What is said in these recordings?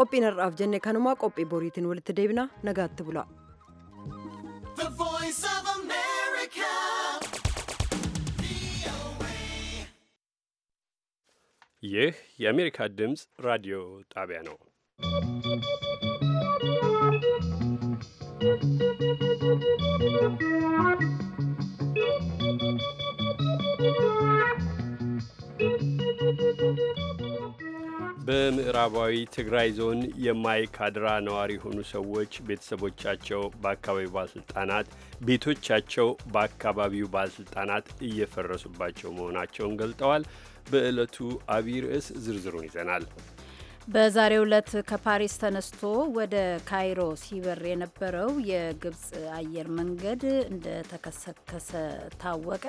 qophiin har'aaf jenne kanumaa qophii boriitiin walitti deebinaa nagaatti bulaa. ይህ የአሜሪካ ድምፅ ራዲዮ ጣቢያ ነው። በምዕራባዊ ትግራይ ዞን የማይካድራ ነዋሪ የሆኑ ሰዎች ቤተሰቦቻቸው በአካባቢው ባለስልጣናት ቤቶቻቸው በአካባቢው ባለስልጣናት እየፈረሱባቸው መሆናቸውን ገልጠዋል። በዕለቱ አብይ ርዕስ ዝርዝሩን ይዘናል። በዛሬው ዕለት ከፓሪስ ተነስቶ ወደ ካይሮ ሲበር የነበረው የግብፅ አየር መንገድ እንደተከሰከሰ ታወቀ።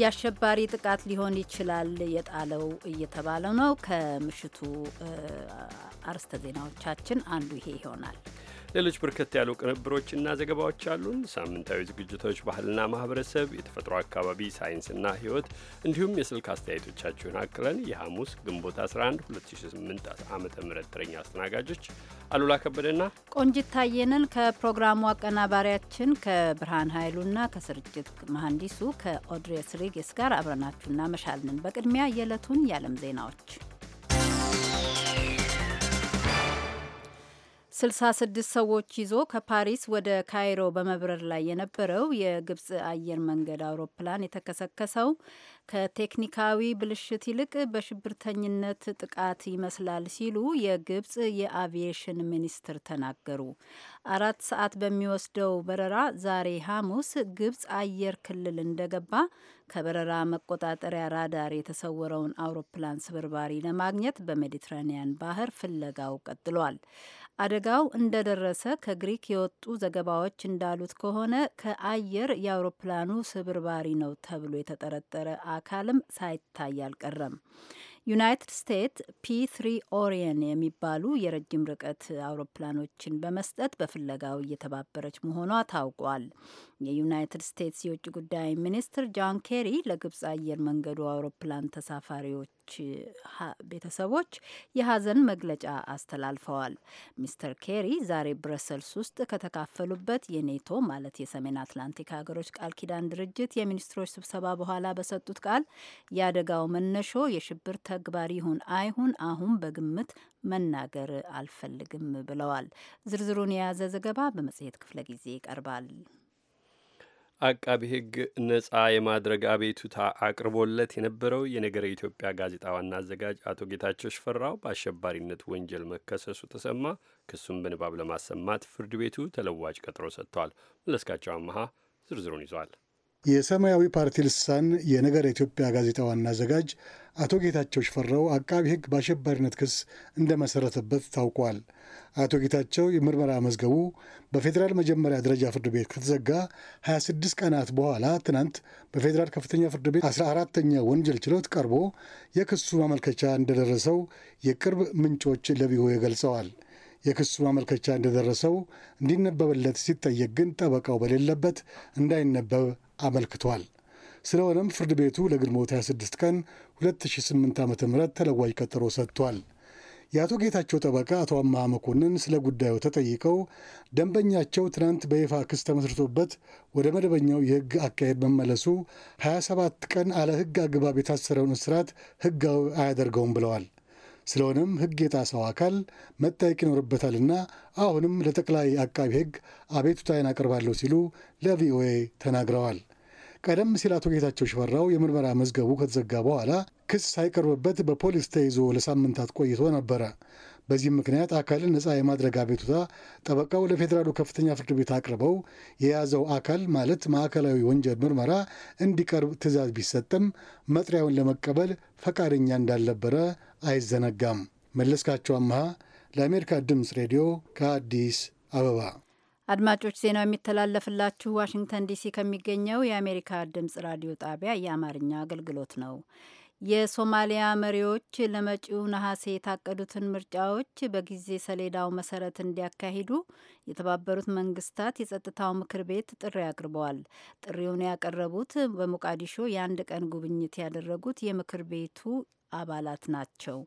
የአሸባሪ ጥቃት ሊሆን ይችላል የጣለው እየተባለው ነው። ከምሽቱ አርስተ ዜናዎቻችን አንዱ ይሄ ይሆናል። ሌሎች በርከት ያሉ ቅንብሮችና ዘገባዎች አሉን። ሳምንታዊ ዝግጅቶች፣ ባህልና ማህበረሰብ፣ የተፈጥሮ አካባቢ፣ ሳይንስና ህይወት እንዲሁም የስልክ አስተያየቶቻችሁን አክለን የሐሙስ ግንቦት 11 2008 ዓ ም ተረኛ አስተናጋጆች አሉላ ከበደና ቆንጂት ታየንን ከፕሮግራሙ አቀናባሪያችን ከብርሃን ኃይሉና ከስርጭት መሐንዲሱ ከኦድሬስ ሪጌስ ጋር አብረናችሁ እናመሻለን። በቅድሚያ የዕለቱን የዓለም ዜናዎች 66 ሰዎች ይዞ ከፓሪስ ወደ ካይሮ በመብረር ላይ የነበረው የግብጽ አየር መንገድ አውሮፕላን የተከሰከሰው ከቴክኒካዊ ብልሽት ይልቅ በሽብርተኝነት ጥቃት ይመስላል ሲሉ የግብጽ የአቪዬሽን ሚኒስትር ተናገሩ። አራት ሰዓት በሚወስደው በረራ ዛሬ ሐሙስ ግብጽ አየር ክልል እንደገባ ከበረራ መቆጣጠሪያ ራዳር የተሰወረውን አውሮፕላን ስብርባሪ ለማግኘት በሜዲትራኒያን ባህር ፍለጋው ቀጥሏል። አደጋው እንደደረሰ ከግሪክ የወጡ ዘገባዎች እንዳሉት ከሆነ ከአየር የአውሮፕላኑ ስብርባሪ ነው ተብሎ የተጠረጠረ አካልም ሳይታይ አልቀረም። ዩናይትድ ስቴትስ ፒ ትሪ ኦሪየን የሚባሉ የረጅም ርቀት አውሮፕላኖችን በመስጠት በፍለጋው እየተባበረች መሆኗ ታውቋል። የዩናይትድ ስቴትስ የውጭ ጉዳይ ሚኒስትር ጆን ኬሪ ለግብጽ አየር መንገዱ አውሮፕላን ተሳፋሪዎች ቤተሰቦች የሀዘን መግለጫ አስተላልፈዋል። ሚስተር ኬሪ ዛሬ ብረሰልስ ውስጥ ከተካፈሉበት የኔቶ ማለት የሰሜን አትላንቲክ ሀገሮች ቃል ኪዳን ድርጅት የሚኒስትሮች ስብሰባ በኋላ በሰጡት ቃል የአደጋው መነሾ የሽብር ተግባር ይሁን አይሁን አሁን በግምት መናገር አልፈልግም ብለዋል። ዝርዝሩን የያዘ ዘገባ በመጽሔት ክፍለ ጊዜ ይቀርባል። አቃቢ ሕግ ነጻ የማድረግ አቤቱታ አቅርቦለት የነበረው የነገረ ኢትዮጵያ ጋዜጣ ዋና አዘጋጅ አቶ ጌታቸው ሽፈራው በአሸባሪነት ወንጀል መከሰሱ ተሰማ። ክሱን በንባብ ለማሰማት ፍርድ ቤቱ ተለዋጭ ቀጥሮ ሰጥቷል። መለስካቸው አመሃ ዝርዝሩን ይዟል። የሰማያዊ ፓርቲ ልሳን የነገረ ኢትዮጵያ ጋዜጣ ዋና አዘጋጅ አቶ ጌታቸው ሽፈራው አቃቢ ሕግ በአሸባሪነት ክስ እንደመሰረተበት ታውቋል። አቶ ጌታቸው የምርመራ መዝገቡ በፌዴራል መጀመሪያ ደረጃ ፍርድ ቤት ከተዘጋ 26 ቀናት በኋላ ትናንት በፌዴራል ከፍተኛ ፍርድ ቤት 14ተኛ ወንጀል ችሎት ቀርቦ የክሱ ማመልከቻ እንደደረሰው የቅርብ ምንጮች ለቪኦኤ ገልጸዋል። የክሱ ማመልከቻ እንደደረሰው እንዲነበብለት ሲጠየቅ ግን ጠበቃው በሌለበት እንዳይነበብ አመልክቷል። ስለሆነም ፍርድ ቤቱ ለግንቦት 26 ቀን 2008 ዓ ም ተለዋጅ ቀጠሮ ሰጥቷል። የአቶ ጌታቸው ጠበቃ አቶ አምሃ መኮንን ስለ ጉዳዩ ተጠይቀው ደንበኛቸው ትናንት በይፋ ክስ ተመስርቶበት ወደ መደበኛው የሕግ አካሄድ መመለሱ 27 ቀን አለ ህግ አግባብ የታሰረውን እስራት ህጋዊ አያደርገውም ብለዋል። ስለሆነም ሕግ የጣሰው አካል መጠየቅ ይኖርበታልና አሁንም ለጠቅላይ አቃቢ ሕግ አቤቱታዬን አቀርባለሁ ሲሉ ለቪኦኤ ተናግረዋል። ቀደም ሲል አቶ ጌታቸው ሽፈራው የምርመራ መዝገቡ ከተዘጋ በኋላ ክስ ሳይቀርብበት በፖሊስ ተይዞ ለሳምንታት ቆይቶ ነበረ። በዚህም ምክንያት አካልን ነፃ የማድረግ አቤቱታ ጠበቃው ለፌዴራሉ ከፍተኛ ፍርድ ቤት አቅርበው የያዘው አካል ማለት ማዕከላዊ ወንጀል ምርመራ እንዲቀርብ ትዕዛዝ ቢሰጥም መጥሪያውን ለመቀበል ፈቃደኛ እንዳልነበረ አይዘነጋም። መለስካቸው አምሃ ለአሜሪካ ድምፅ ሬዲዮ ከአዲስ አበባ። አድማጮች ዜናው የሚተላለፍላችሁ ዋሽንግተን ዲሲ ከሚገኘው የአሜሪካ ድምፅ ራዲዮ ጣቢያ የአማርኛ አገልግሎት ነው። የሶማሊያ መሪዎች ለመጪው ነሐሴ የታቀዱትን ምርጫዎች በጊዜ ሰሌዳው መሰረት እንዲያካሂዱ የተባበሩት መንግስታት የጸጥታው ምክር ቤት ጥሪ አቅርበዋል። ጥሪውን ያቀረቡት በሞቃዲሾ የአንድ ቀን ጉብኝት ያደረጉት የምክር ቤቱ አባላት ናቸው።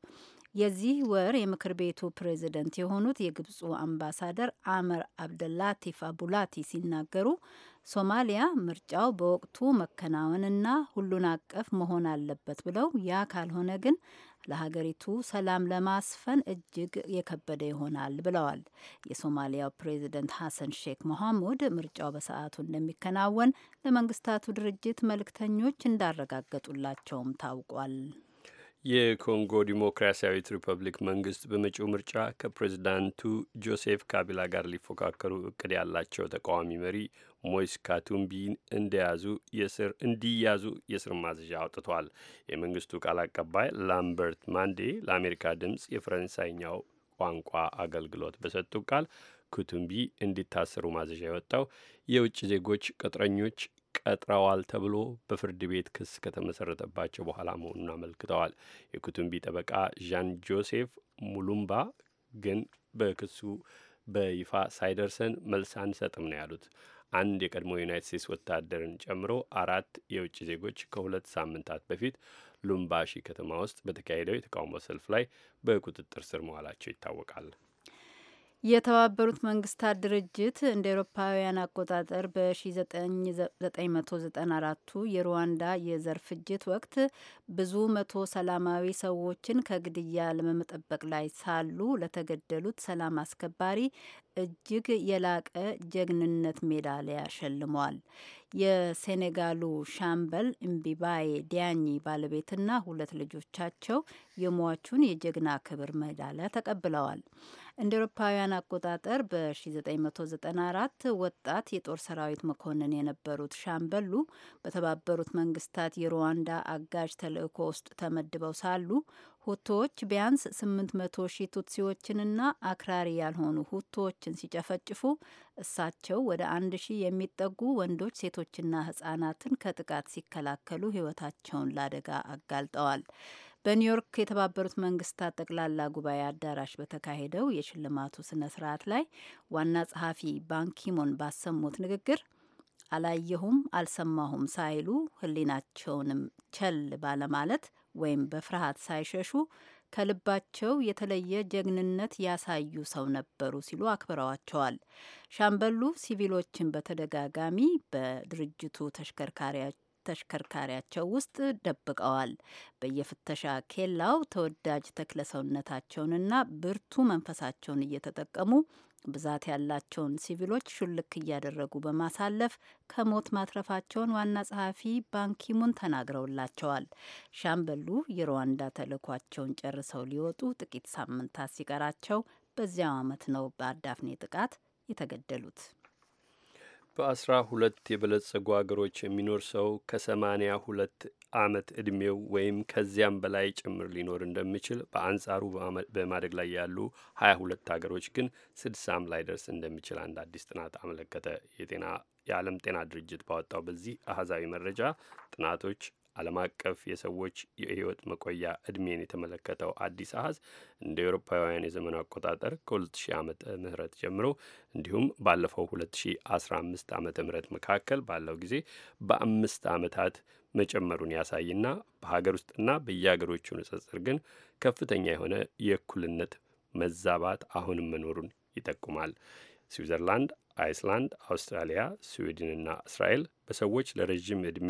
የዚህ ወር የምክር ቤቱ ፕሬዝደንት የሆኑት የግብፁ አምባሳደር አመር አብደላቲፍ አቡላቲ ሲናገሩ ሶማሊያ ምርጫው በወቅቱ መከናወንና ሁሉን አቀፍ መሆን አለበት ብለው ያ ካልሆነ ግን ለሀገሪቱ ሰላም ለማስፈን እጅግ የከበደ ይሆናል ብለዋል። የሶማሊያው ፕሬዚደንት ሐሰን ሼክ መሐሙድ ምርጫው በሰዓቱ እንደሚከናወን ለመንግስታቱ ድርጅት መልእክተኞች እንዳረጋገጡላቸውም ታውቋል። የኮንጎ ዲሞክራሲያዊት ሪፐብሊክ መንግስት በመጪው ምርጫ ከፕሬዚዳንቱ ጆሴፍ ካቢላ ጋር ሊፎካከሩ እቅድ ያላቸው ተቃዋሚ መሪ ሞይስ ካቱምቢን እንደያዙ የስር እንዲያዙ የስር ማዘዣ አውጥቷል። የመንግስቱ ቃል አቀባይ ላምበርት ማንዴ ለአሜሪካ ድምፅ የፈረንሳይኛው ቋንቋ አገልግሎት በሰጡ ቃል ኩቱምቢ እንዲታሰሩ ማዘዣ የወጣው የውጭ ዜጎች ቅጥረኞች ቀጥረዋል ተብሎ በፍርድ ቤት ክስ ከተመሰረተባቸው በኋላ መሆኑን አመልክተዋል። የኩቱምቢ ጠበቃ ዣን ጆሴፍ ሙሉምባ ግን በክሱ በይፋ ሳይደርሰን መልስ አንሰጥም ነው ያሉት። አንድ የቀድሞ ዩናይት ስቴትስ ወታደርን ጨምሮ አራት የውጭ ዜጎች ከሁለት ሳምንታት በፊት ሉምባሺ ከተማ ውስጥ በተካሄደው የተቃውሞ ሰልፍ ላይ በቁጥጥር ስር መዋላቸው ይታወቃል። የተባበሩት መንግስታት ድርጅት እንደ ኤሮፓውያን አቆጣጠር በ 1994 የሩዋንዳ የዘር ፍጅት ወቅት ብዙ መቶ ሰላማዊ ሰዎችን ከግድያ ለመጠበቅ ላይ ሳሉ ለተገደሉት ሰላም አስከባሪ እጅግ የላቀ ጀግንነት ሜዳሊያ ሸልሟል። የሴኔጋሉ ሻምበል እምቢባዬ ዲያኚ ባለቤትና ሁለት ልጆቻቸው የሟቹን የጀግና ክብር ሜዳሊያ ተቀብለዋል። እንደ ኤሮፓውያን አቆጣጠር በ1994 ወጣት የጦር ሰራዊት መኮንን የነበሩት ሻምበሉ በተባበሩት መንግስታት የሩዋንዳ አጋዥ ተልእኮ ውስጥ ተመድበው ሳሉ ሁቶዎች ቢያንስ 800 ሺህ ቱትሲዎችንና አክራሪ ያልሆኑ ሁቶዎችን ሲጨፈጭፉ እሳቸው ወደ አንድ ሺህ የሚጠጉ ወንዶች ሴቶችና ህጻናትን ከጥቃት ሲከላከሉ ህይወታቸውን ላደጋ አጋልጠዋል። በኒውዮርክ የተባበሩት መንግስታት ጠቅላላ ጉባኤ አዳራሽ በተካሄደው የሽልማቱ ስነ ስርዓት ላይ ዋና ጸሐፊ ባንኪሞን ባሰሙት ንግግር አላየሁም፣ አልሰማሁም ሳይሉ ህሊናቸውንም ቸል ባለማለት ወይም በፍርሃት ሳይሸሹ ከልባቸው የተለየ ጀግንነት ያሳዩ ሰው ነበሩ ሲሉ አክብረዋቸዋል። ሻምበሉ ሲቪሎችን በተደጋጋሚ በድርጅቱ ተሽከርካሪያቸው ተሽከርካሪያቸው ውስጥ ደብቀዋል። በየፍተሻ ኬላው ተወዳጅ ሰውነታቸውንና ብርቱ መንፈሳቸውን እየተጠቀሙ ብዛት ያላቸውን ሲቪሎች ሹልክ እያደረጉ በማሳለፍ ከሞት ማትረፋቸውን ዋና ጸሐፊ ባንኪሙን ተናግረውላቸዋል። ሻምበሉ የሩዋንዳ ተልዕኳቸውን ጨርሰው ሊወጡ ጥቂት ሳምንታት ሲቀራቸው በዚያው ዓመት ነው በአዳፍኔ ጥቃት የተገደሉት። በአስራ ሁለት የበለጸጉ አገሮች የሚኖር ሰው ከሰማኒያ ሁለት ዓመት ዕድሜው ወይም ከዚያም በላይ ጭምር ሊኖር እንደሚችል በአንጻሩ በማደግ ላይ ያሉ ሀያ ሁለት አገሮች ግን ስድሳም ላይ ደርስ እንደሚችል አንድ አዲስ ጥናት አመለከተ። የጤና የዓለም ጤና ድርጅት ባወጣው በዚህ አህዛዊ መረጃ ጥናቶች ዓለም አቀፍ የሰዎች የህይወት መቆያ እድሜን የተመለከተው አዲስ አሀዝ እንደ ኤውሮፓውያን የዘመን አቆጣጠር ከ2000 ዓ ምህረት ጀምሮ እንዲሁም ባለፈው 2015 ዓመ ምህረት መካከል ባለው ጊዜ በአምስት ዓመታት መጨመሩን ያሳይና በሀገር ውስጥና በየሀገሮቹ ንጽጽር ግን ከፍተኛ የሆነ የእኩልነት መዛባት አሁንም መኖሩን ይጠቁማል። ስዊዘርላንድ፣ አይስላንድ፣ አውስትራሊያ፣ ስዊድንና እስራኤል በሰዎች ለረዥም ዕድሜ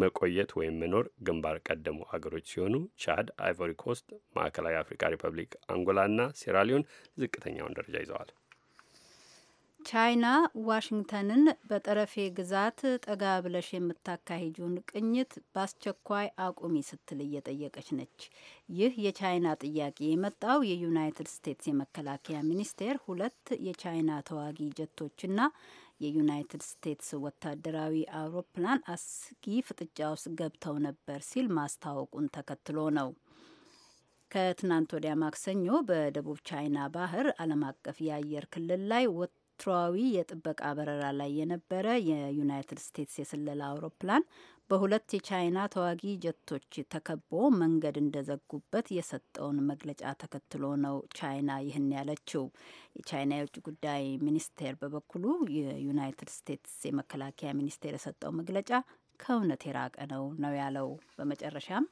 መቆየት ወይም መኖር ግንባር ቀደሙ አገሮች ሲሆኑ ቻድ፣ አይቮሪ ኮስት፣ ማዕከላዊ አፍሪካ ሪፐብሊክ፣ አንጎላና ሴራሊዮን ዝቅተኛውን ደረጃ ይዘዋል። ቻይና ዋሽንግተንን በጠረፌ ግዛት ጠጋ ብለሽ የምታካሂጁን ቅኝት በአስቸኳይ አቁሚ ስትል እየጠየቀች ነች። ይህ የቻይና ጥያቄ የመጣው የዩናይትድ ስቴትስ የመከላከያ ሚኒስቴር ሁለት የቻይና ተዋጊ ጀቶችና የዩናይትድ ስቴትስ ወታደራዊ አውሮፕላን አስጊ ፍጥጫ ውስጥ ገብተው ነበር ሲል ማስታወቁን ተከትሎ ነው። ከትናንት ወዲያ ማክሰኞ በደቡብ ቻይና ባህር ዓለም አቀፍ የአየር ክልል ላይ ወትሯዊ የጥበቃ በረራ ላይ የነበረ የዩናይትድ ስቴትስ የስለላ አውሮፕላን በሁለት የቻይና ተዋጊ ጀቶች ተከቦ መንገድ እንደዘጉበት የሰጠውን መግለጫ ተከትሎ ነው ቻይና ይህን ያለችው። የቻይና የውጭ ጉዳይ ሚኒስቴር በበኩሉ የዩናይትድ ስቴትስ የመከላከያ ሚኒስቴር የሰጠው መግለጫ ከእውነት የራቀ ነው ነው ያለው። በመጨረሻም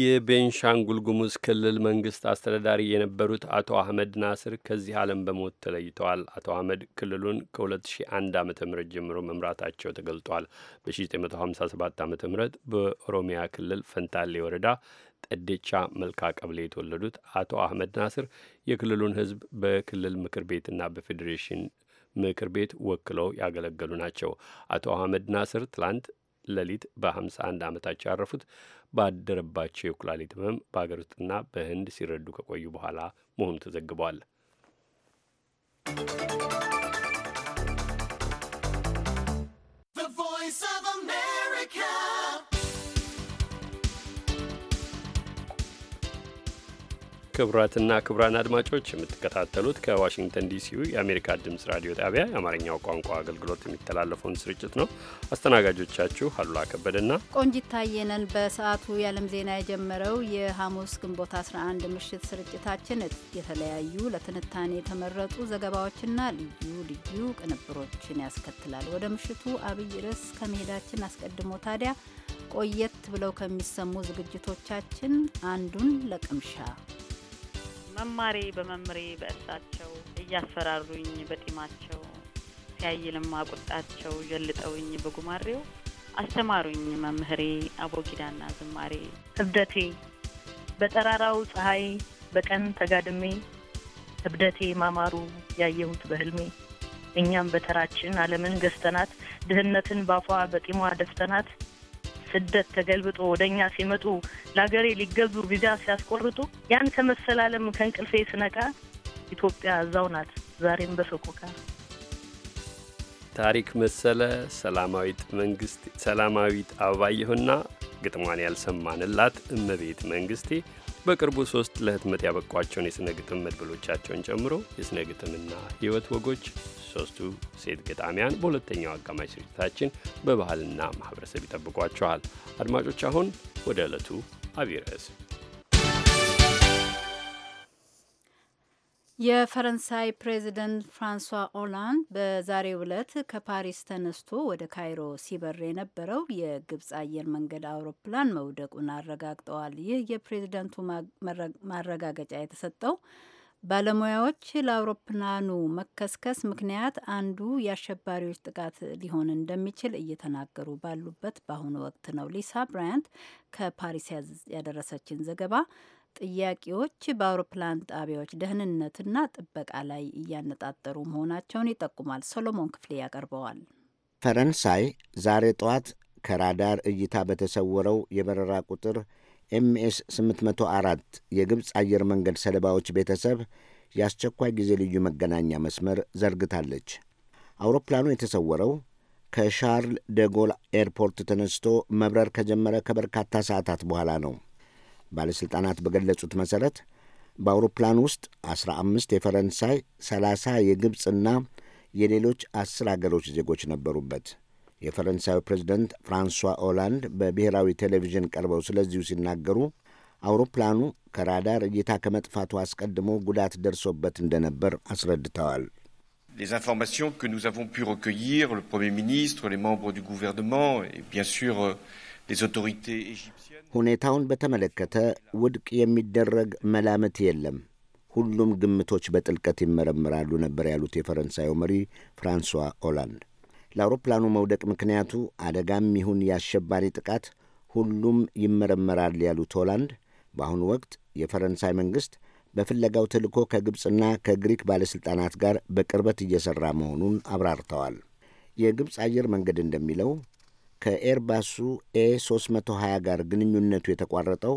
የቤንሻንጉል ጉሙዝ ክልል መንግስት አስተዳዳሪ የነበሩት አቶ አህመድ ናስር ከዚህ ዓለም በሞት ተለይተዋል። አቶ አህመድ ክልሉን ከ2001 ዓ ም ጀምሮ መምራታቸው ተገልጧል። በ1957 ዓ ም በኦሮሚያ ክልል ፈንታሌ ወረዳ ጠደቻ መልካ ቀብሌ የተወለዱት አቶ አህመድ ናስር የክልሉን ህዝብ በክልል ምክር ቤትና በፌዴሬሽን ምክር ቤት ወክለው ያገለገሉ ናቸው። አቶ አህመድ ናስር ትላንት ሌሊት በ51 ዓመታቸው ያረፉት ባደረባቸው የኩላሊት ህመም በሀገር ውስጥና በህንድ ሲረዱ ከቆዩ በኋላ መሆኑ ተዘግቧል። ክቡራትና ክቡራን አድማጮች የምትከታተሉት ከዋሽንግተን ዲሲው የአሜሪካ ድምፅ ራዲዮ ጣቢያ የአማርኛው ቋንቋ አገልግሎት የሚተላለፈውን ስርጭት ነው። አስተናጋጆቻችሁ አሉላ ከበደና ቆንጂት ታየነን። በሰዓቱ የዓለም ዜና የጀመረው የሐሙስ ግንቦት 11 ምሽት ስርጭታችን የተለያዩ ለትንታኔ የተመረጡ ዘገባዎችና ልዩ ልዩ ቅንብሮችን ያስከትላል። ወደ ምሽቱ አብይ ርዕስ ከመሄዳችን አስቀድሞ ታዲያ ቆየት ብለው ከሚሰሙ ዝግጅቶቻችን አንዱን ለቅምሻ መማሬ በመምሬ በእርሳቸው እያስፈራሩኝ በጢማቸው ሲያይልማ ቁጣቸው ጀልጠውኝ በጉማሬው አስተማሩኝ መምህሬ አቦጊዳና ዝማሬ እብደቴ በጠራራው ፀሐይ በቀን ተጋድሜ እብደቴ ማማሩ ያየሁት በህልሜ እኛም በተራችን ዓለምን ገዝተናት ድህነትን ባፏ በጢሟ ደፍተናት ስደት ተገልብጦ ወደ እኛ ሲመጡ ለሀገሬ ሊገዙ ቪዛ ሲያስቆርጡ ያን ከመሰላለም ከእንቅልፌ ስነቃ ኢትዮጵያ እዛው ናት፣ ዛሬም በሰቆቃ። ታሪክ መሰለ ሰላማዊት መንግስት ሰላማዊት አበባየሁና ግጥሟን ያልሰማንላት እመቤት መንግስቴ በቅርቡ ሶስት ለህትመት ያበቋቸውን የስነ ግጥም መድብሎቻቸውን ጨምሮ የስነግጥምና ግጥምና ህይወት ወጎች ሶስቱ ሴት ገጣሚያን በሁለተኛው አጋማሽ ስርጭታችን በባህልና ማህበረሰብ ይጠብቋቸዋል። አድማጮች፣ አሁን ወደ ዕለቱ አብይ ርዕስ የፈረንሳይ ፕሬዚደንት ፍራንሷ ኦላንድ በዛሬው ዕለት ከፓሪስ ተነስቶ ወደ ካይሮ ሲበር የነበረው የግብፅ አየር መንገድ አውሮፕላን መውደቁን አረጋግጠዋል። ይህ የፕሬዚደንቱ ማረጋገጫ የተሰጠው ባለሙያዎች ለአውሮፕላኑ መከስከስ ምክንያት አንዱ የአሸባሪዎች ጥቃት ሊሆን እንደሚችል እየተናገሩ ባሉበት በአሁኑ ወቅት ነው። ሊሳ ብራያንት ከፓሪስ ያደረሰችን ዘገባ ጥያቄዎች በአውሮፕላን ጣቢያዎች ደህንነትና ጥበቃ ላይ እያነጣጠሩ መሆናቸውን ይጠቁማል። ሶሎሞን ክፍሌ ያቀርበዋል። ፈረንሳይ ዛሬ ጠዋት ከራዳር እይታ በተሰወረው የበረራ ቁጥር ኤምኤስ 804 የግብፅ አየር መንገድ ሰለባዎች ቤተሰብ የአስቸኳይ ጊዜ ልዩ መገናኛ መስመር ዘርግታለች። አውሮፕላኑ የተሰወረው ከሻርል ደጎል ኤርፖርት ተነስቶ መብረር ከጀመረ ከበርካታ ሰዓታት በኋላ ነው። ባለሥልጣናት በገለጹት መሠረት በአውሮፕላኑ ውስጥ 15 የፈረንሳይ፣ 30 የግብፅና የሌሎች አስር አገሮች ዜጎች ነበሩበት። የፈረንሳዩ ፕሬዚደንት ፍራንሷ ኦላንድ በብሔራዊ ቴሌቪዥን ቀርበው ስለዚሁ ሲናገሩ አውሮፕላኑ ከራዳር እይታ ከመጥፋቱ አስቀድሞ ጉዳት ደርሶበት እንደነበር አስረድተዋል። Les informations que nous avons pu recueillir, le Premier ministre, les membres du gouvernement et bien sûr euh, les autorités égyptiennes. ሁኔታውን በተመለከተ ውድቅ የሚደረግ መላምት የለም፣ ሁሉም ግምቶች በጥልቀት ይመረምራሉ ነበር ያሉት የፈረንሳዩ መሪ ፍራንሷ ኦላንድ ለአውሮፕላኑ መውደቅ ምክንያቱ አደጋም ይሁን የአሸባሪ ጥቃት ሁሉም ይመረመራል ያሉት ሆላንድ በአሁኑ ወቅት የፈረንሳይ መንግሥት በፍለጋው ተልእኮ ከግብፅና ከግሪክ ባለሥልጣናት ጋር በቅርበት እየሠራ መሆኑን አብራርተዋል። የግብፅ አየር መንገድ እንደሚለው ከኤርባሱ ኤ 320 ጋር ግንኙነቱ የተቋረጠው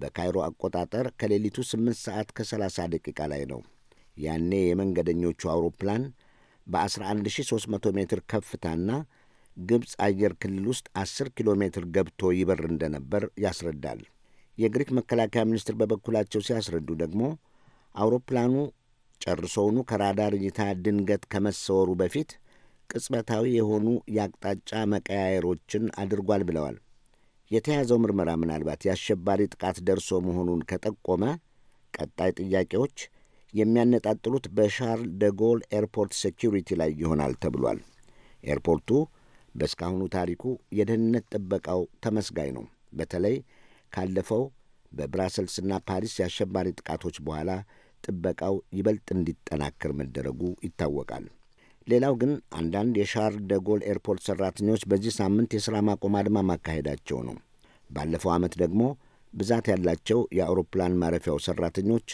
በካይሮ አቆጣጠር ከሌሊቱ 8 ሰዓት ከ30 ደቂቃ ላይ ነው። ያኔ የመንገደኞቹ አውሮፕላን በ11300 ሜትር ከፍታና ግብፅ አየር ክልል ውስጥ 10 ኪሎ ሜትር ገብቶ ይበር እንደነበር ያስረዳል። የግሪክ መከላከያ ሚኒስትር በበኩላቸው ሲያስረዱ ደግሞ አውሮፕላኑ ጨርሶውኑ ከራዳር እይታ ድንገት ከመሰወሩ በፊት ቅጽበታዊ የሆኑ የአቅጣጫ መቀያየሮችን አድርጓል ብለዋል። የተያዘው ምርመራ ምናልባት የአሸባሪ ጥቃት ደርሶ መሆኑን ከጠቆመ ቀጣይ ጥያቄዎች የሚያነጣጥሉት በሻርል ደጎል ኤርፖርት ሴኪሪቲ ላይ ይሆናል ተብሏል። ኤርፖርቱ በእስካሁኑ ታሪኩ የደህንነት ጥበቃው ተመስጋኝ ነው። በተለይ ካለፈው በብራሰልስና ፓሪስ የአሸባሪ ጥቃቶች በኋላ ጥበቃው ይበልጥ እንዲጠናከር መደረጉ ይታወቃል። ሌላው ግን አንዳንድ የሻርል ደጎል ኤርፖርት ሠራተኞች በዚህ ሳምንት የሥራ ማቆም አድማ ማካሄዳቸው ነው። ባለፈው ዓመት ደግሞ ብዛት ያላቸው የአውሮፕላን ማረፊያው ሠራተኞች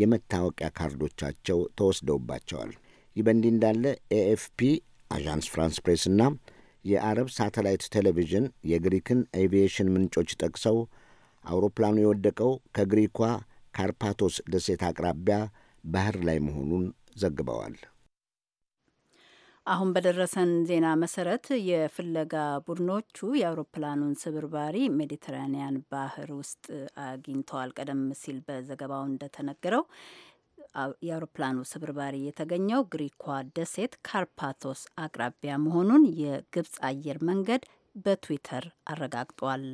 የመታወቂያ ካርዶቻቸው ተወስደውባቸዋል። ይህ በእንዲህ እንዳለ ኤኤፍፒ፣ አዣንስ ፍራንስ ፕሬስ እና የአረብ ሳተላይት ቴሌቪዥን የግሪክን ኤቪዬሽን ምንጮች ጠቅሰው አውሮፕላኑ የወደቀው ከግሪኳ ካርፓቶስ ደሴት አቅራቢያ ባህር ላይ መሆኑን ዘግበዋል። አሁን በደረሰን ዜና መሰረት የፍለጋ ቡድኖቹ የአውሮፕላኑን ስብርባሪ ሜዲትራኒያን ባህር ውስጥ አግኝተዋል። ቀደም ሲል በዘገባው እንደተነገረው የአውሮፕላኑ ስብርባሪ የተገኘው ግሪኳ ደሴት ካርፓቶስ አቅራቢያ መሆኑን የግብፅ አየር መንገድ በትዊተር አረጋግጧል።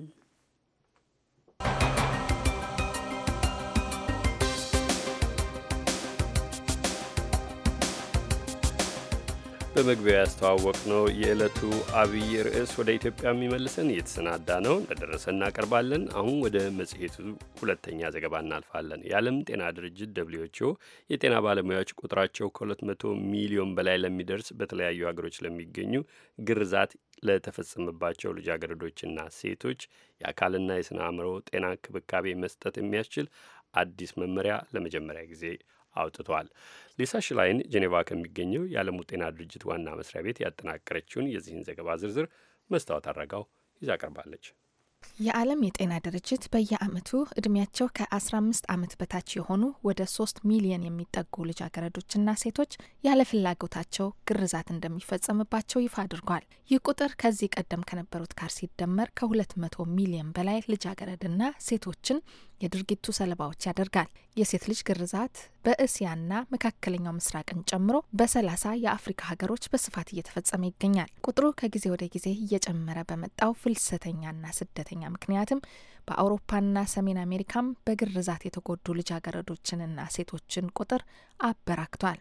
በመግቢያው ያስተዋወቅ ነው የዕለቱ አብይ ርዕስ ወደ ኢትዮጵያ የሚመልሰን እየተሰናዳ ነው። እንደደረሰ እናቀርባለን። አሁን ወደ መጽሔቱ ሁለተኛ ዘገባ እናልፋለን። የዓለም ጤና ድርጅት ደብሊውኤችኦ የጤና ባለሙያዎች ቁጥራቸው ከ200 ሚሊዮን በላይ ለሚደርስ በተለያዩ ሀገሮች ለሚገኙ ግርዛት ለተፈጸመባቸው ልጃገረዶችና ሴቶች የአካልና የስነ አእምሮ ጤና እንክብካቤ መስጠት የሚያስችል አዲስ መመሪያ ለመጀመሪያ ጊዜ አውጥቷል። ሊሳ ሽላይን ጄኔቫ ከሚገኘው የዓለሙ ጤና ድርጅት ዋና መስሪያ ቤት ያጠናቀረችውን የዚህን ዘገባ ዝርዝር መስታወት አረጋው ይዛ ቀርባለች። የዓለም የጤና ድርጅት በየአመቱ እድሜያቸው ከ15 ዓመት በታች የሆኑ ወደ 3 ሚሊዮን የሚጠጉ ልጃገረዶችና ሴቶች ያለ ፍላጎታቸው ግርዛት እንደሚፈጸምባቸው ይፋ አድርጓል። ይህ ቁጥር ከዚህ ቀደም ከነበሩት ጋር ሲደመር ከ200 ሚሊዮን በላይ ልጃገረድና ሴቶችን የድርጊቱ ሰለባዎች ያደርጋል። የሴት ልጅ ግርዛት በእስያና መካከለኛው ምስራቅን ጨምሮ በሰላሳ የአፍሪካ ሀገሮች በስፋት እየተፈጸመ ይገኛል። ቁጥሩ ከጊዜ ወደ ጊዜ እየጨመረ በመጣው ፍልሰተኛና ስደተኛ ምክንያትም በአውሮፓና ሰሜን አሜሪካም በግርዛት የተጎዱ ልጃገረዶችንና ሴቶችን ቁጥር አበራክቷል።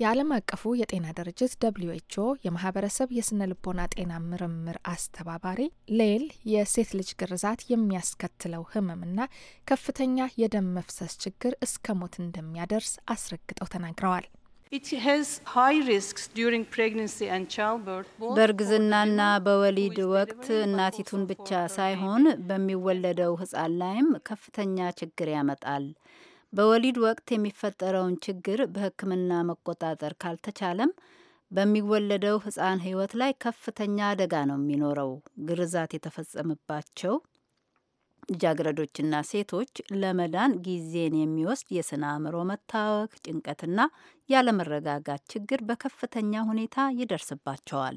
የዓለም አቀፉ የጤና ድርጅት ደብሊው ኤች ኦ የማህበረሰብ የስነ ልቦና ጤና ምርምር አስተባባሪ ሌል የሴት ልጅ ግርዛት የሚያስከትለው ህመምና ከፍተኛ የደም መፍሰስ ችግር እስከ ሞት እንደሚያደርስ አስረግጠው ተናግረዋል። በእርግዝናና በወሊድ ወቅት እናቲቱን ብቻ ሳይሆን በሚወለደው ህጻን ላይም ከፍተኛ ችግር ያመጣል። በወሊድ ወቅት የሚፈጠረውን ችግር በሕክምና መቆጣጠር ካልተቻለም በሚወለደው ህፃን ህይወት ላይ ከፍተኛ አደጋ ነው የሚኖረው። ግርዛት የተፈጸመባቸው ልጃገረዶችና ሴቶች ለመዳን ጊዜን የሚወስድ የስነ አእምሮ መታወክ፣ ጭንቀትና ያለመረጋጋት ችግር በከፍተኛ ሁኔታ ይደርስባቸዋል።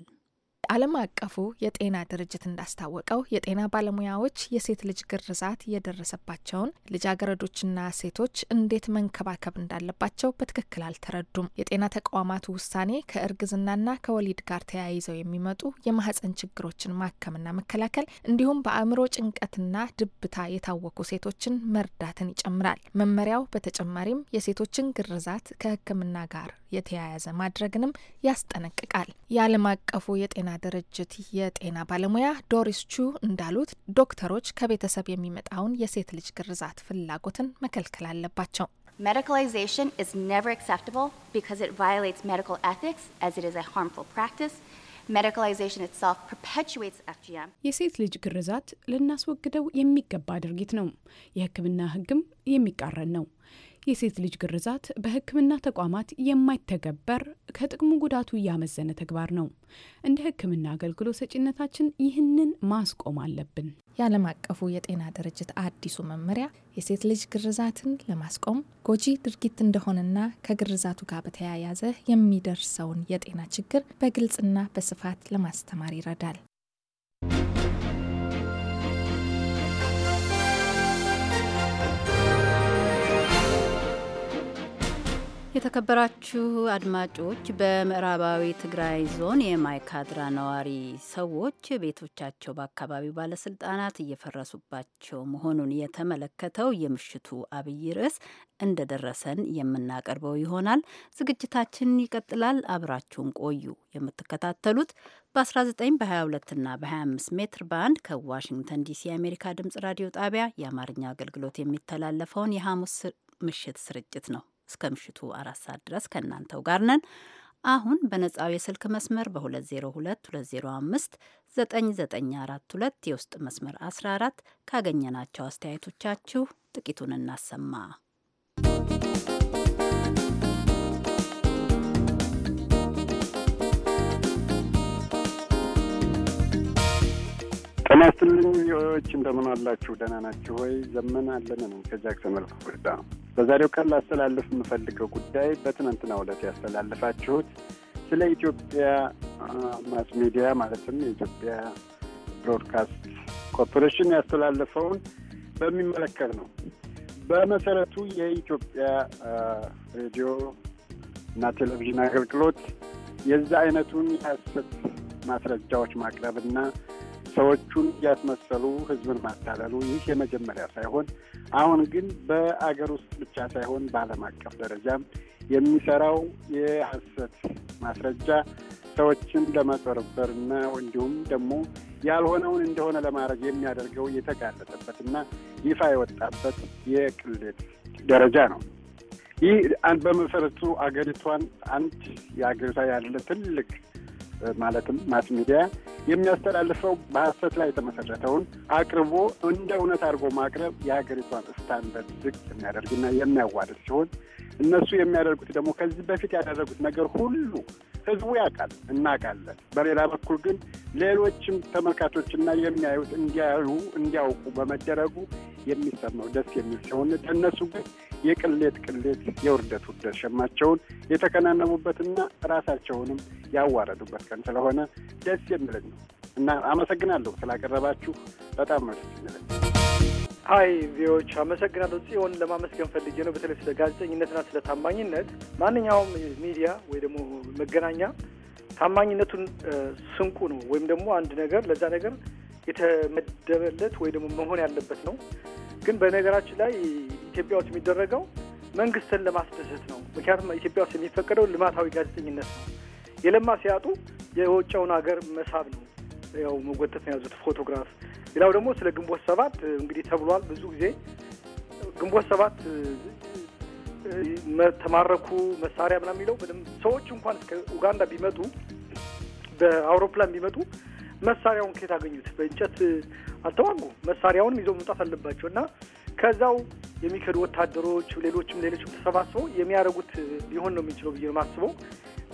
ዓለም አቀፉ የጤና ድርጅት እንዳስታወቀው የጤና ባለሙያዎች የሴት ልጅ ግርዛት የደረሰባቸውን ልጃገረዶችና ሴቶች እንዴት መንከባከብ እንዳለባቸው በትክክል አልተረዱም። የጤና ተቋማቱ ውሳኔ ከእርግዝናና ከወሊድ ጋር ተያይዘው የሚመጡ የማህፀን ችግሮችን ማከምና መከላከል እንዲሁም በአእምሮ ጭንቀትና ድብታ የታወቁ ሴቶችን መርዳትን ይጨምራል። መመሪያው በተጨማሪም የሴቶችን ግርዛት ከሕክምና ጋር የተያያዘ ማድረግንም ያስጠነቅቃል። የዓለም አቀፉ የጤና ድርጅት የጤና ባለሙያ ዶሪስ ቹ እንዳሉት ዶክተሮች ከቤተሰብ የሚመጣውን የሴት ልጅ ግርዛት ፍላጎትን መከልከል አለባቸው። Medicalization is never acceptable because it violates medical ethics as it is a harmful practice. Medicalization itself perpetuates FGM. የሴት ልጅ ግርዛት ልናስወግደው የሚገባ ድርጊት ነው። የሕክምና ሕግም የሚቃረን ነው። የሴት ልጅ ግርዛት በሕክምና ተቋማት የማይተገበር ከጥቅሙ ጉዳቱ እያመዘነ ተግባር ነው። እንደ ሕክምና አገልግሎት ሰጪነታችን ይህንን ማስቆም አለብን። የዓለም አቀፉ የጤና ድርጅት አዲሱ መመሪያ የሴት ልጅ ግርዛትን ለማስቆም ጎጂ ድርጊት እንደሆነና ከግርዛቱ ጋር በተያያዘ የሚደርሰውን የጤና ችግር በግልጽና በስፋት ለማስተማር ይረዳል። የተከበራችሁ አድማጮች በምዕራባዊ ትግራይ ዞን የማይካድራ ነዋሪ ሰዎች ቤቶቻቸው በአካባቢው ባለስልጣናት እየፈረሱባቸው መሆኑን የተመለከተው የምሽቱ አብይ ርዕስ እንደደረሰን የምናቀርበው ይሆናል። ዝግጅታችን ይቀጥላል። አብራችሁን ቆዩ። የምትከታተሉት በ19 በ22ና በ25 ሜትር ባንድ ከዋሽንግተን ዲሲ የአሜሪካ ድምጽ ራዲዮ ጣቢያ የአማርኛ አገልግሎት የሚተላለፈውን የሐሙስ ምሽት ስርጭት ነው። እስከ ምሽቱ አራት ሰዓት ድረስ ከእናንተው ጋር ነን። አሁን በነጻው የስልክ መስመር በ2022059942 የውስጥ መስመር 14 ካገኘናቸው አስተያየቶቻችሁ ጥቂቱን እናሰማ። ጤና ይስጥልኝ ዎች እንደምን አላችሁ? ደህና ናችሁ ወይ? ዘመን አለንን ከጃክሰን መልክ ወርዳ በዛሬው ቀን ላስተላልፍ የምፈልገው ጉዳይ በትናንትና ዕለት ያስተላልፋችሁት ስለ ኢትዮጵያ ማስ ሚዲያ ማለትም የኢትዮጵያ ብሮድካስት ኮርፖሬሽን ያስተላለፈውን በሚመለከት ነው። በመሰረቱ የኢትዮጵያ ሬዲዮ እና ቴሌቪዥን አገልግሎት የዛ አይነቱን የሀሰት ማስረጃዎች ማቅረብና ሰዎቹን እያስመሰሉ ህዝብን ማታለሉ ይህ የመጀመሪያ ሳይሆን አሁን ግን በአገር ውስጥ ብቻ ሳይሆን በዓለም አቀፍ ደረጃም የሚሰራው የሐሰት ማስረጃ ሰዎችን ለመበርበርና እንዲሁም ደግሞ ያልሆነውን እንደሆነ ለማድረግ የሚያደርገው የተጋለጠበትና ይፋ የወጣበት የቅሌት ደረጃ ነው። ይህ በመሰረቱ አገሪቷን አንድ የአገሪቷ ያለ ትልቅ ማለትም ማስ ሚዲያ የሚያስተላልፈው በሀሰት ላይ የተመሰረተውን አቅርቦ እንደ እውነት አድርጎ ማቅረብ የሀገሪቷን ስታንዳርድ ዝቅ የሚያደርግና የሚያዋርድ ሲሆን እነሱ የሚያደርጉት ደግሞ ከዚህ በፊት ያደረጉት ነገር ሁሉ ህዝቡ ያውቃል፣ እናውቃለን። በሌላ በኩል ግን ሌሎችም ተመልካቾችና የሚያዩት እንዲያዩ እንዲያውቁ በመደረጉ የሚሰማው ደስ የሚል ሲሆን እነሱ ግን የቅሌት ቅሌት የውርደት ውርደት ሸማቸውን የተከናነቡበትና ራሳቸውንም ያዋረዱበት ቀን ስለሆነ ደስ የሚለኝ ነው እና አመሰግናለሁ ስላቀረባችሁ። በጣም መስ ደስ ሀይ ቪዎች አመሰግናለሁ። ጽዮን ለማመስገን ፈልጌ ነው። በተለይ ስለ ጋዜጠኝነትና ስለ ታማኝነት ማንኛውም ሚዲያ ወይ ደግሞ መገናኛ ታማኝነቱን ስንቁ ነው ወይም ደግሞ አንድ ነገር ለዛ ነገር የተመደበለት ወይ ደግሞ መሆን ያለበት ነው። ግን በነገራችን ላይ ኢትዮጵያ ውስጥ የሚደረገው መንግስትን ለማስደሰት ነው። ምክንያቱም ኢትዮጵያ ውስጥ የሚፈቀደው ልማታዊ ጋዜጠኝነት ነው። የለማ ሲያጡ የውጭውን ሀገር መሳብ ነው። ያው መጎተት ነው ያዙት ፎቶግራፍ። ሌላው ደግሞ ስለ ግንቦት ሰባት እንግዲህ ተብሏል ብዙ ጊዜ ግንቦት ሰባት ተማረኩ መሳሪያ ምናምን የሚለው በደንብ ሰዎች እንኳን እስከ ኡጋንዳ ቢመጡ በአውሮፕላን ቢመጡ መሳሪያውን ከየት አገኙት? በእንጨት አልተዋጉ መሳሪያውንም ይዘው መምጣት አለባቸው እና ከዛው የሚከዱ ወታደሮች ሌሎችም ሌሎችም ተሰባስበው የሚያደርጉት ሊሆን ነው የሚችለው ብዬ ማስበው።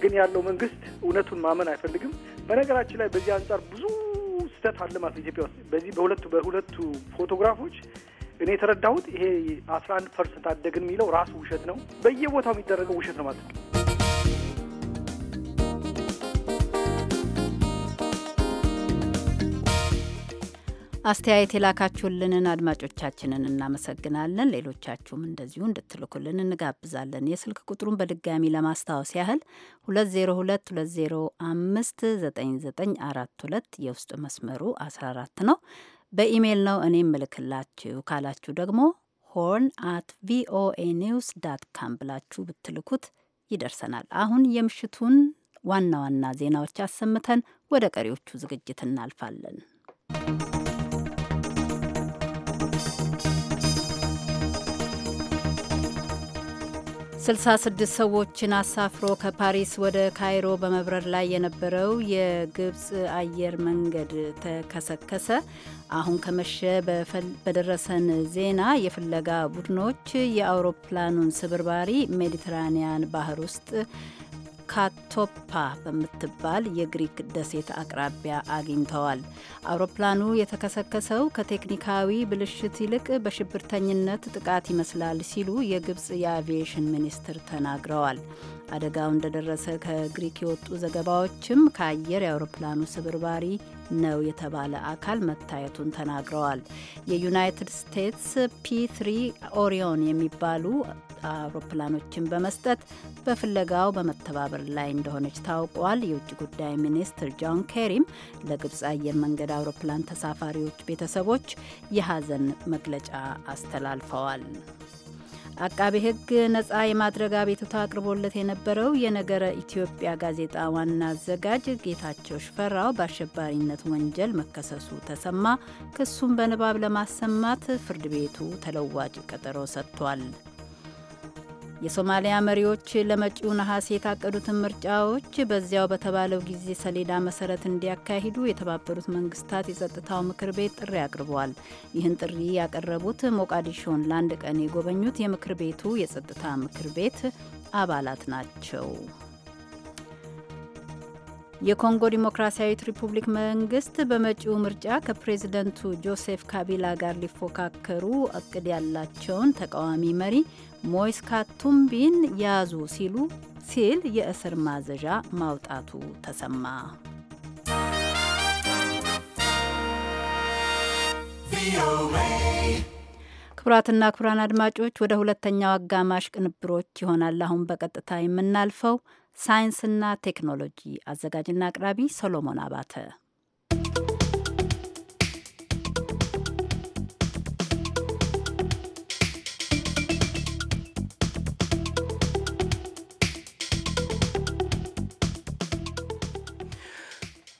ግን ያለው መንግስት እውነቱን ማመን አይፈልግም። በነገራችን ላይ በዚህ አንጻር ብዙ ስህተት አለ ማለት ኢትዮጵያ ውስጥ በዚህ በሁለቱ በሁለቱ ፎቶግራፎች እኔ የተረዳሁት ይሄ አስራ አንድ ፐርሰንት አደግን የሚለው ራሱ ውሸት ነው። በየቦታው የሚደረገው ውሸት ነው ማለት ነው። አስተያየት የላካችሁልንን አድማጮቻችንን እናመሰግናለን። ሌሎቻችሁም እንደዚሁ እንድትልኩልን እንጋብዛለን። የስልክ ቁጥሩን በድጋሚ ለማስታወስ ያህል 2022059942 የውስጥ መስመሩ 14 ነው። በኢሜይል ነው እኔ ምልክላችሁ ካላችሁ ደግሞ ሆርን አት ቪኦኤ ኒውስ ዳት ካም ብላችሁ ብትልኩት ይደርሰናል። አሁን የምሽቱን ዋና ዋና ዜናዎች አሰምተን ወደ ቀሪዎቹ ዝግጅት እናልፋለን። 66 ሰዎችን አሳፍሮ ከፓሪስ ወደ ካይሮ በመብረር ላይ የነበረው የግብፅ አየር መንገድ ተከሰከሰ። አሁን ከመሸ በደረሰን ዜና የፍለጋ ቡድኖች የአውሮፕላኑን ስብርባሪ ሜዲትራኒያን ባህር ውስጥ ካቶፓ በምትባል የግሪክ ደሴት አቅራቢያ አግኝተዋል። አውሮፕላኑ የተከሰከሰው ከቴክኒካዊ ብልሽት ይልቅ በሽብርተኝነት ጥቃት ይመስላል ሲሉ የግብፅ የአቪዬሽን ሚኒስትር ተናግረዋል። አደጋው እንደደረሰ ከግሪክ የወጡ ዘገባዎችም ከአየር የአውሮፕላኑ ስብርባሪ ነው የተባለ አካል መታየቱን ተናግረዋል። የዩናይትድ ስቴትስ ፒ ኦሪዮን የሚባሉ አውሮፕላኖችን በመስጠት በፍለጋው በመተባበር ላይ እንደሆነች ታውቋል። የውጭ ጉዳይ ሚኒስትር ጆን ኬሪም ለግብፅ አየር መንገድ አውሮፕላን ተሳፋሪዎች ቤተሰቦች የሀዘን መግለጫ አስተላልፈዋል። አቃቤ ሕግ ነጻ የማድረግ አቤቱታ አቅርቦለት የነበረው የነገረ ኢትዮጵያ ጋዜጣ ዋና አዘጋጅ ጌታቸው ሽፈራው በአሸባሪነት ወንጀል መከሰሱ ተሰማ። ክሱን በንባብ ለማሰማት ፍርድ ቤቱ ተለዋጭ ቀጠሮ ሰጥቷል። የሶማሊያ መሪዎች ለመጪው ነሐሴ የታቀዱትን ምርጫዎች በዚያው በተባለው ጊዜ ሰሌዳ መሰረት እንዲያካሂዱ የተባበሩት መንግስታት የጸጥታው ምክር ቤት ጥሪ አቅርበዋል። ይህን ጥሪ ያቀረቡት ሞቃዲሾን ለአንድ ቀን የጎበኙት የምክር ቤቱ የጸጥታ ምክር ቤት አባላት ናቸው። የኮንጎ ዲሞክራሲያዊት ሪፑብሊክ መንግስት በመጪው ምርጫ ከፕሬዝደንቱ ጆሴፍ ካቢላ ጋር ሊፎካከሩ እቅድ ያላቸውን ተቃዋሚ መሪ ሞይስ ቱምቢን ያዙ ሲሉ ሲል የእስር ማዘዣ ማውጣቱ ተሰማ። ክቡራትና ክቡራን አድማጮች ወደ ሁለተኛው አጋማሽ ቅንብሮች ይሆናል አሁን በቀጥታ የምናልፈው። ሳይንስና ቴክኖሎጂ አዘጋጅና አቅራቢ ሶሎሞን አባተ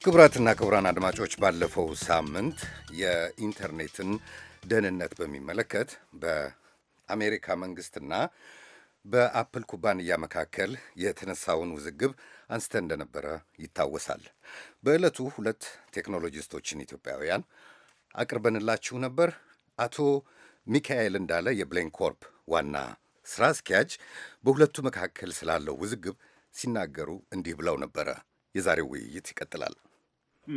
ክቡራትና ክቡራን አድማጮች ባለፈው ሳምንት የኢንተርኔትን ደህንነት በሚመለከት በአሜሪካ መንግስትና በአፕል ኩባንያ መካከል የተነሳውን ውዝግብ አንስተን እንደነበረ ይታወሳል። በዕለቱ ሁለት ቴክኖሎጂስቶችን ኢትዮጵያውያን አቅርበንላችሁ ነበር። አቶ ሚካኤል እንዳለ የብሌን ኮርፕ ዋና ስራ አስኪያጅ በሁለቱ መካከል ስላለው ውዝግብ ሲናገሩ እንዲህ ብለው ነበረ። የዛሬው ውይይት ይቀጥላል።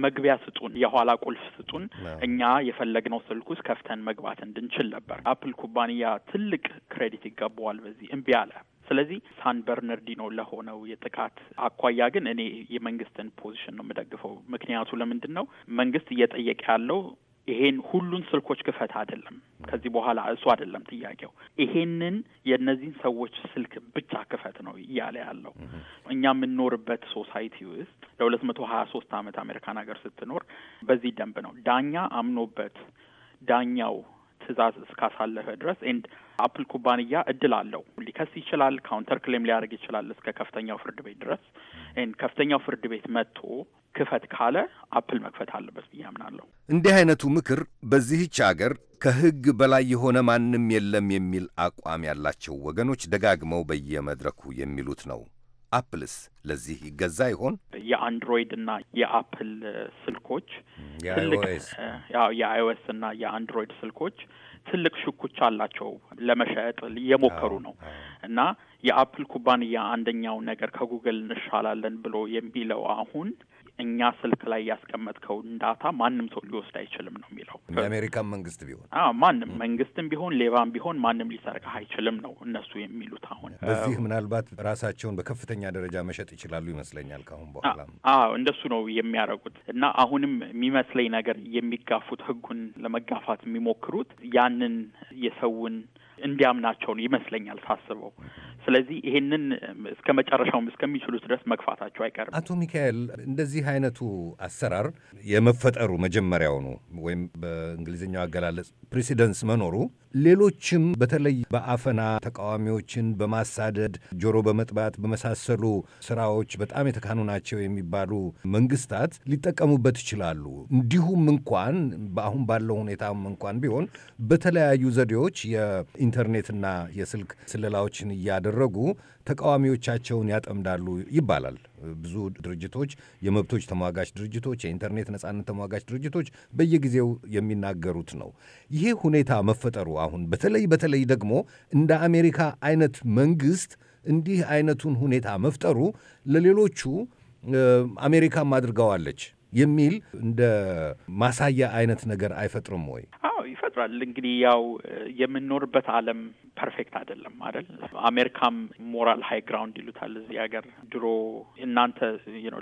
መግቢያ ስጡን፣ የኋላ ቁልፍ ስጡን፣ እኛ የፈለግነው ስልክ ውስጥ ከፍተን መግባት እንድንችል ነበር። አፕል ኩባንያ ትልቅ ክሬዲት ይገባዋል በዚህ እምቢ አለ። ስለዚህ ሳን በርነርዲኖ ለሆነው የጥቃት አኳያ ግን እኔ የመንግስትን ፖዚሽን ነው የምደግፈው። ምክንያቱ ለምንድን ነው? መንግስት እየጠየቀ ያለው ይሄን ሁሉን ስልኮች ክፈት አይደለም፣ ከዚህ በኋላ እሱ አይደለም ጥያቄው። ይሄንን የእነዚህን ሰዎች ስልክ ብቻ ክፈት ነው እያለ ያለው። እኛ የምንኖርበት ሶሳይቲ ውስጥ ለሁለት መቶ ሀያ ሶስት አመት አሜሪካን ሀገር ስትኖር በዚህ ደንብ ነው ዳኛ አምኖበት ዳኛው ትእዛዝ እስካሳለፈ ድረስ ኤንድ አፕል ኩባንያ እድል አለው። ሊከስ ይችላል፣ ካውንተር ክሌም ሊያደርግ ይችላል እስከ ከፍተኛው ፍርድ ቤት ድረስ። ይህን ከፍተኛው ፍርድ ቤት መጥቶ ክፈት ካለ አፕል መክፈት አለበት ብዬ አምናለሁ። እንዲህ አይነቱ ምክር በዚህች አገር ከህግ በላይ የሆነ ማንም የለም የሚል አቋም ያላቸው ወገኖች ደጋግመው በየመድረኩ የሚሉት ነው። አፕልስ ለዚህ ይገዛ ይሆን? የአንድሮይድ እና የአፕል ስልኮች ትልቅ የአይኦኤስ እና የአንድሮይድ ስልኮች ትልቅ ሽኩቻ አላቸው። ለመሸጥ እየሞከሩ ነው እና የአፕል ኩባንያ አንደኛው ነገር ከጉግል እንሻላለን ብሎ የሚለው አሁን እኛ ስልክ ላይ ያስቀመጥከውን ዳታ ማንም ሰው ሊወስድ አይችልም ነው የሚለው። የአሜሪካን መንግስት ቢሆን ማንም መንግስትም ቢሆን ሌባም ቢሆን ማንም ሊሰርቅህ አይችልም ነው እነሱ የሚሉት። አሁን በዚህ ምናልባት ራሳቸውን በከፍተኛ ደረጃ መሸጥ ይችላሉ ይመስለኛል ከአሁን በኋላ። እንደሱ ነው የሚያደርጉት እና አሁንም የሚመስለኝ ነገር የሚጋፉት ህጉን ለመጋፋት የሚሞክሩት ያንን የሰውን እንዲያምናቸው ይመስለኛል ሳስበው ስለዚህ ይሄንን እስከ መጨረሻውም እስከሚችሉት ድረስ መግፋታቸው አይቀርም። አቶ ሚካኤል እንደዚህ አይነቱ አሰራር የመፈጠሩ መጀመሪያውኑ ወይም በእንግሊዝኛው አገላለጽ ፕሬሲደንስ መኖሩ ሌሎችም በተለይ በአፈና ተቃዋሚዎችን በማሳደድ ጆሮ በመጥባት በመሳሰሉ ስራዎች በጣም የተካኑ ናቸው የሚባሉ መንግስታት ሊጠቀሙበት ይችላሉ። እንዲሁም እንኳን በአሁን ባለው ሁኔታም እንኳን ቢሆን በተለያዩ ዘዴዎች የኢንተርኔትና የስልክ ስለላዎችን እያደ እያደረጉ ተቃዋሚዎቻቸውን ያጠምዳሉ ይባላል። ብዙ ድርጅቶች፣ የመብቶች ተሟጋች ድርጅቶች፣ የኢንተርኔት ነጻነት ተሟጋች ድርጅቶች በየጊዜው የሚናገሩት ነው። ይሄ ሁኔታ መፈጠሩ አሁን በተለይ በተለይ ደግሞ እንደ አሜሪካ አይነት መንግስት እንዲህ አይነቱን ሁኔታ መፍጠሩ ለሌሎቹ አሜሪካም አድርገዋለች የሚል እንደ ማሳያ አይነት ነገር አይፈጥርም ወይ? ይፈጥራል። እንግዲህ ያው የምንኖርበት ዓለም ፐርፌክት አይደለም አይደል? አሜሪካም ሞራል ሀይ ግራውንድ ይሉታል እዚህ ሀገር ድሮ እናንተ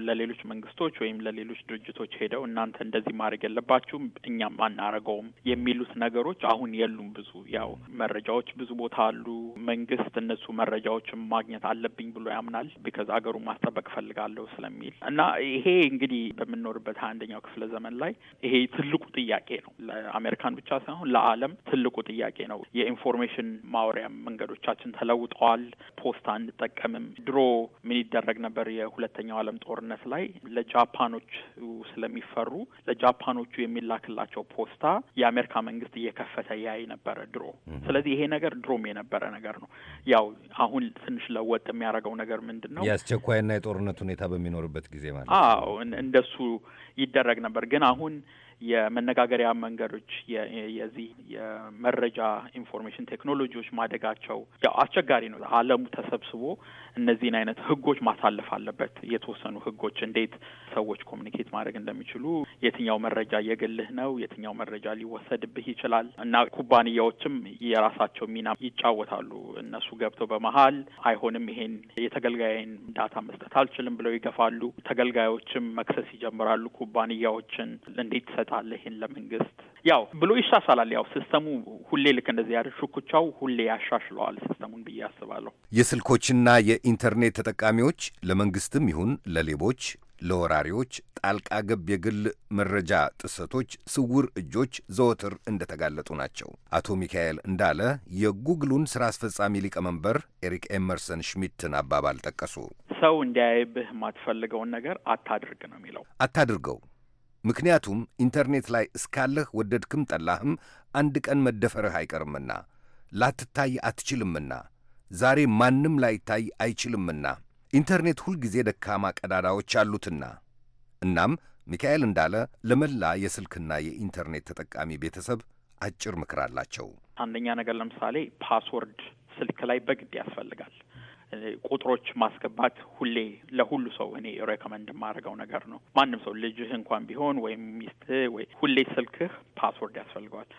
ለሌሎች መንግስቶች ወይም ለሌሎች ድርጅቶች ሄደው እናንተ እንደዚህ ማድረግ የለባችሁም እኛም አናረገውም የሚሉት ነገሮች አሁን የሉም። ብዙ ያው መረጃዎች ብዙ ቦታ አሉ። መንግስት እነሱ መረጃዎችን ማግኘት አለብኝ ብሎ ያምናል ቢካዝ አገሩን ማስጠበቅ ፈልጋለሁ ስለሚል እና ይሄ እንግዲህ በምንኖርበት አንደኛው ክፍለ ዘመን ላይ ይሄ ትልቁ ጥያቄ ነው ለአሜሪካን ብቻ ሳይሆን አሁን ለዓለም ትልቁ ጥያቄ ነው። የኢንፎርሜሽን ማውሪያ መንገዶቻችን ተለውጠዋል። ፖስታ አንጠቀምም። ድሮ ምን ይደረግ ነበር? የሁለተኛው ዓለም ጦርነት ላይ ለጃፓኖች ስለሚፈሩ ለጃፓኖቹ የሚላክላቸው ፖስታ የአሜሪካ መንግስት እየከፈተ ያይ ነበረ ድሮ። ስለዚህ ይሄ ነገር ድሮም የነበረ ነገር ነው። ያው አሁን ትንሽ ለወጥ የሚያደርገው ነገር ምንድን ነው? የአስቸኳይና የጦርነት ሁኔታ በሚኖርበት ጊዜ ማለት አዎ፣ እንደሱ ይደረግ ነበር ግን አሁን የመነጋገሪያ መንገዶች የዚህ የመረጃ ኢንፎርሜሽን ቴክኖሎጂዎች ማደጋቸው ያው አስቸጋሪ ነው። ዓለሙ ተሰብስቦ እነዚህን አይነት ህጎች ማሳለፍ አለበት። የተወሰኑ ህጎች እንዴት ሰዎች ኮሚኒኬት ማድረግ እንደሚችሉ፣ የትኛው መረጃ የግልህ ነው፣ የትኛው መረጃ ሊወሰድብህ ይችላል እና ኩባንያዎችም የራሳቸው ሚና ይጫወታሉ። እነሱ ገብተው በመሀል አይሆንም፣ ይሄን የተገልጋይን ዳታ መስጠት አልችልም ብለው ይገፋሉ። ተገልጋዮችም መክሰስ ይጀምራሉ ኩባንያዎችን እንዴት ኃላፊነት አለ። ይህን ለመንግስት ያው ብሎ ይሻሻላል። ያው ሲስተሙ ሁሌ ልክ እንደዚህ ያለ ሹኩቻው ሁሌ ያሻሽለዋል ሲስተሙን ብዬ አስባለሁ። የስልኮችና የኢንተርኔት ተጠቃሚዎች ለመንግስትም ይሁን ለሌቦች ለወራሪዎች ጣልቃ ገብ የግል መረጃ ጥሰቶች ስውር እጆች ዘወትር እንደተጋለጡ ናቸው። አቶ ሚካኤል እንዳለ የጉግሉን ስራ አስፈጻሚ ሊቀመንበር ኤሪክ ኤመርሰን ሽሚትን አባባል ጠቀሱ። ሰው እንዲያይብህ የማትፈልገውን ነገር አታድርግ ነው የሚለው። አታድርገው ምክንያቱም ኢንተርኔት ላይ እስካለህ ወደድክም ጠላህም አንድ ቀን መደፈርህ አይቀርምና ላትታይ አትችልምና ዛሬ ማንም ላይታይ አይችልምና ኢንተርኔት ሁልጊዜ ደካማ ቀዳዳዎች አሉትና። እናም ሚካኤል እንዳለ ለመላ የስልክና የኢንተርኔት ተጠቃሚ ቤተሰብ አጭር ምክር አላቸው። አንደኛ ነገር ለምሳሌ ፓስወርድ ስልክ ላይ በግድ ያስፈልጋል። ቁጥሮች ማስገባት ሁሌ ለሁሉ ሰው እኔ ሬኮመንድ የማደርገው ነገር ነው። ማንም ሰው ልጅህ እንኳን ቢሆን ወይም ሚስት ወይ ሁሌ ስልክህ ፓስወርድ ያስፈልገዋል።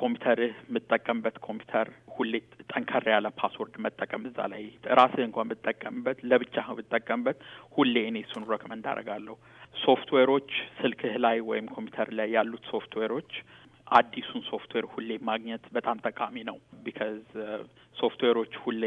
ኮምፒውተርህ የምጠቀምበት ኮምፒውተር ሁሌ ጠንከር ያለ ፓስወርድ መጠቀም እዛ ላይ ራስህ እንኳን ብጠቀምበት ለብቻ ብጠቀምበት ሁሌ እኔ እሱን ሬኮመንድ አደርጋለሁ። ሶፍትዌሮች ስልክህ ላይ ወይም ኮምፒውተር ላይ ያሉት ሶፍትዌሮች አዲሱን ሶፍትዌር ሁሌ ማግኘት በጣም ጠቃሚ ነው። ቢካዝ uh, ሶፍትዌሮች ሁሌ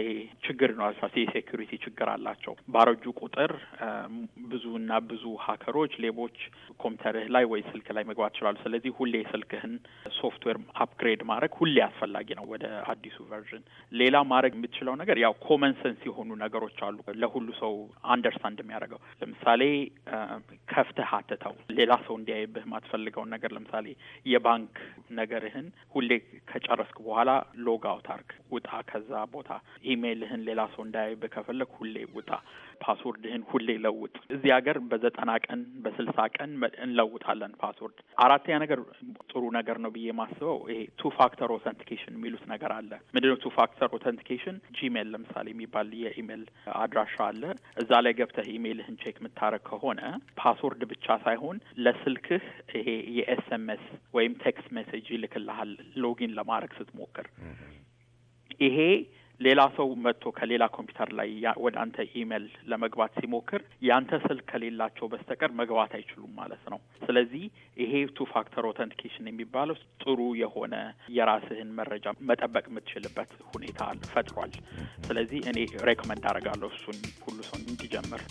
ችግር ነው አሳ የሴኩሪቲ ችግር አላቸው። ባረጁ ቁጥር uh, ብዙና ብዙ ሀከሮች፣ ሌቦች ኮምፒውተርህ ላይ ወይ ስልክ ላይ መግባት ይችላሉ። ስለዚህ ሁሌ ስልክህን ሶፍትዌር አፕግሬድ ማድረግ ሁሌ አስፈላጊ ነው ወደ አዲሱ ቨርዥን። ሌላ ማድረግ የምትችለው ነገር ያው ኮመን ሰንስ የሆኑ ነገሮች አሉ ለሁሉ ሰው አንደርስታንድ የሚያደርገው ለምሳሌ uh, ከፍተህ አትተው። ሌላ ሰው እንዲያይብህ የማትፈልገውን ነገር ለምሳሌ የባንክ ነገርህን ሁሌ ከጨረስክ በኋላ ሎግ አውት አርግ፣ ውጣ ከዛ ቦታ። ኢሜይልህን ሌላ ሰው እንዳያይብህ ከፈለግ ሁሌ ውጣ። ፓስወርድህን ሁሌ ለውጥ። እዚህ ሀገር በዘጠና ቀን በስልሳ ቀን እንለውጣለን ፓስወርድ። አራተኛ ነገር ጥሩ ነገር ነው ብዬ የማስበው ይሄ ቱ ፋክተር ኦተንቲኬሽን የሚሉት ነገር አለ። ምንድነው ቱ ፋክተር ኦተንቲኬሽን? ጂሜል ለምሳሌ የሚባል የኢሜል አድራሻ አለ። እዛ ላይ ገብተህ ኢሜይልህን ቼክ የምታረግ ከሆነ ፓስወርድ ብቻ ሳይሆን ለስልክህ ይሄ የኤስኤምኤስ ወይም ቴክስት ሜሴጅ ይልክልሃል ሎጊን ለማድረግ ስትሞክር። ይሄ ሌላ ሰው መጥቶ ከሌላ ኮምፒውተር ላይ ወደ አንተ ኢሜል ለመግባት ሲሞክር ያንተ ስልክ ከሌላቸው በስተቀር መግባት አይችሉም ማለት ነው። ስለዚህ ይሄ ቱ ፋክተር ኦተንቲኬሽን የሚባለው ጥሩ የሆነ የራስህን መረጃ መጠበቅ የምትችልበት ሁኔታ ፈጥሯል። ስለዚህ እኔ ሬኮመንድ አደርጋለሁ እሱን ሁሉ ሰው እንዲጀምር።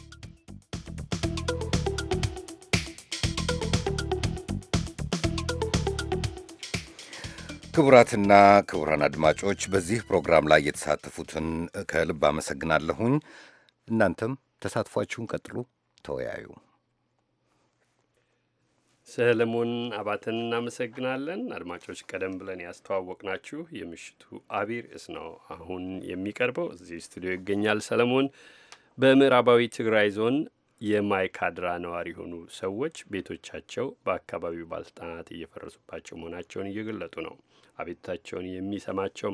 ክቡራትና ክቡራን አድማጮች በዚህ ፕሮግራም ላይ የተሳተፉትን ከልብ አመሰግናለሁኝ። እናንተም ተሳትፏችሁን ቀጥሉ፣ ተወያዩ። ሰለሞን አባተን እናመሰግናለን። አድማጮች ቀደም ብለን ያስተዋወቅናችሁ የምሽቱ አቢይ ርዕስ ነው አሁን የሚቀርበው። እዚህ ስቱዲዮ ይገኛል ሰለሞን። በምዕራባዊ ትግራይ ዞን የማይካድራ ነዋሪ የሆኑ ሰዎች ቤቶቻቸው በአካባቢው ባለስልጣናት እየፈረሱባቸው መሆናቸውን እየገለጡ ነው። አቤቱታቸውን የሚሰማቸው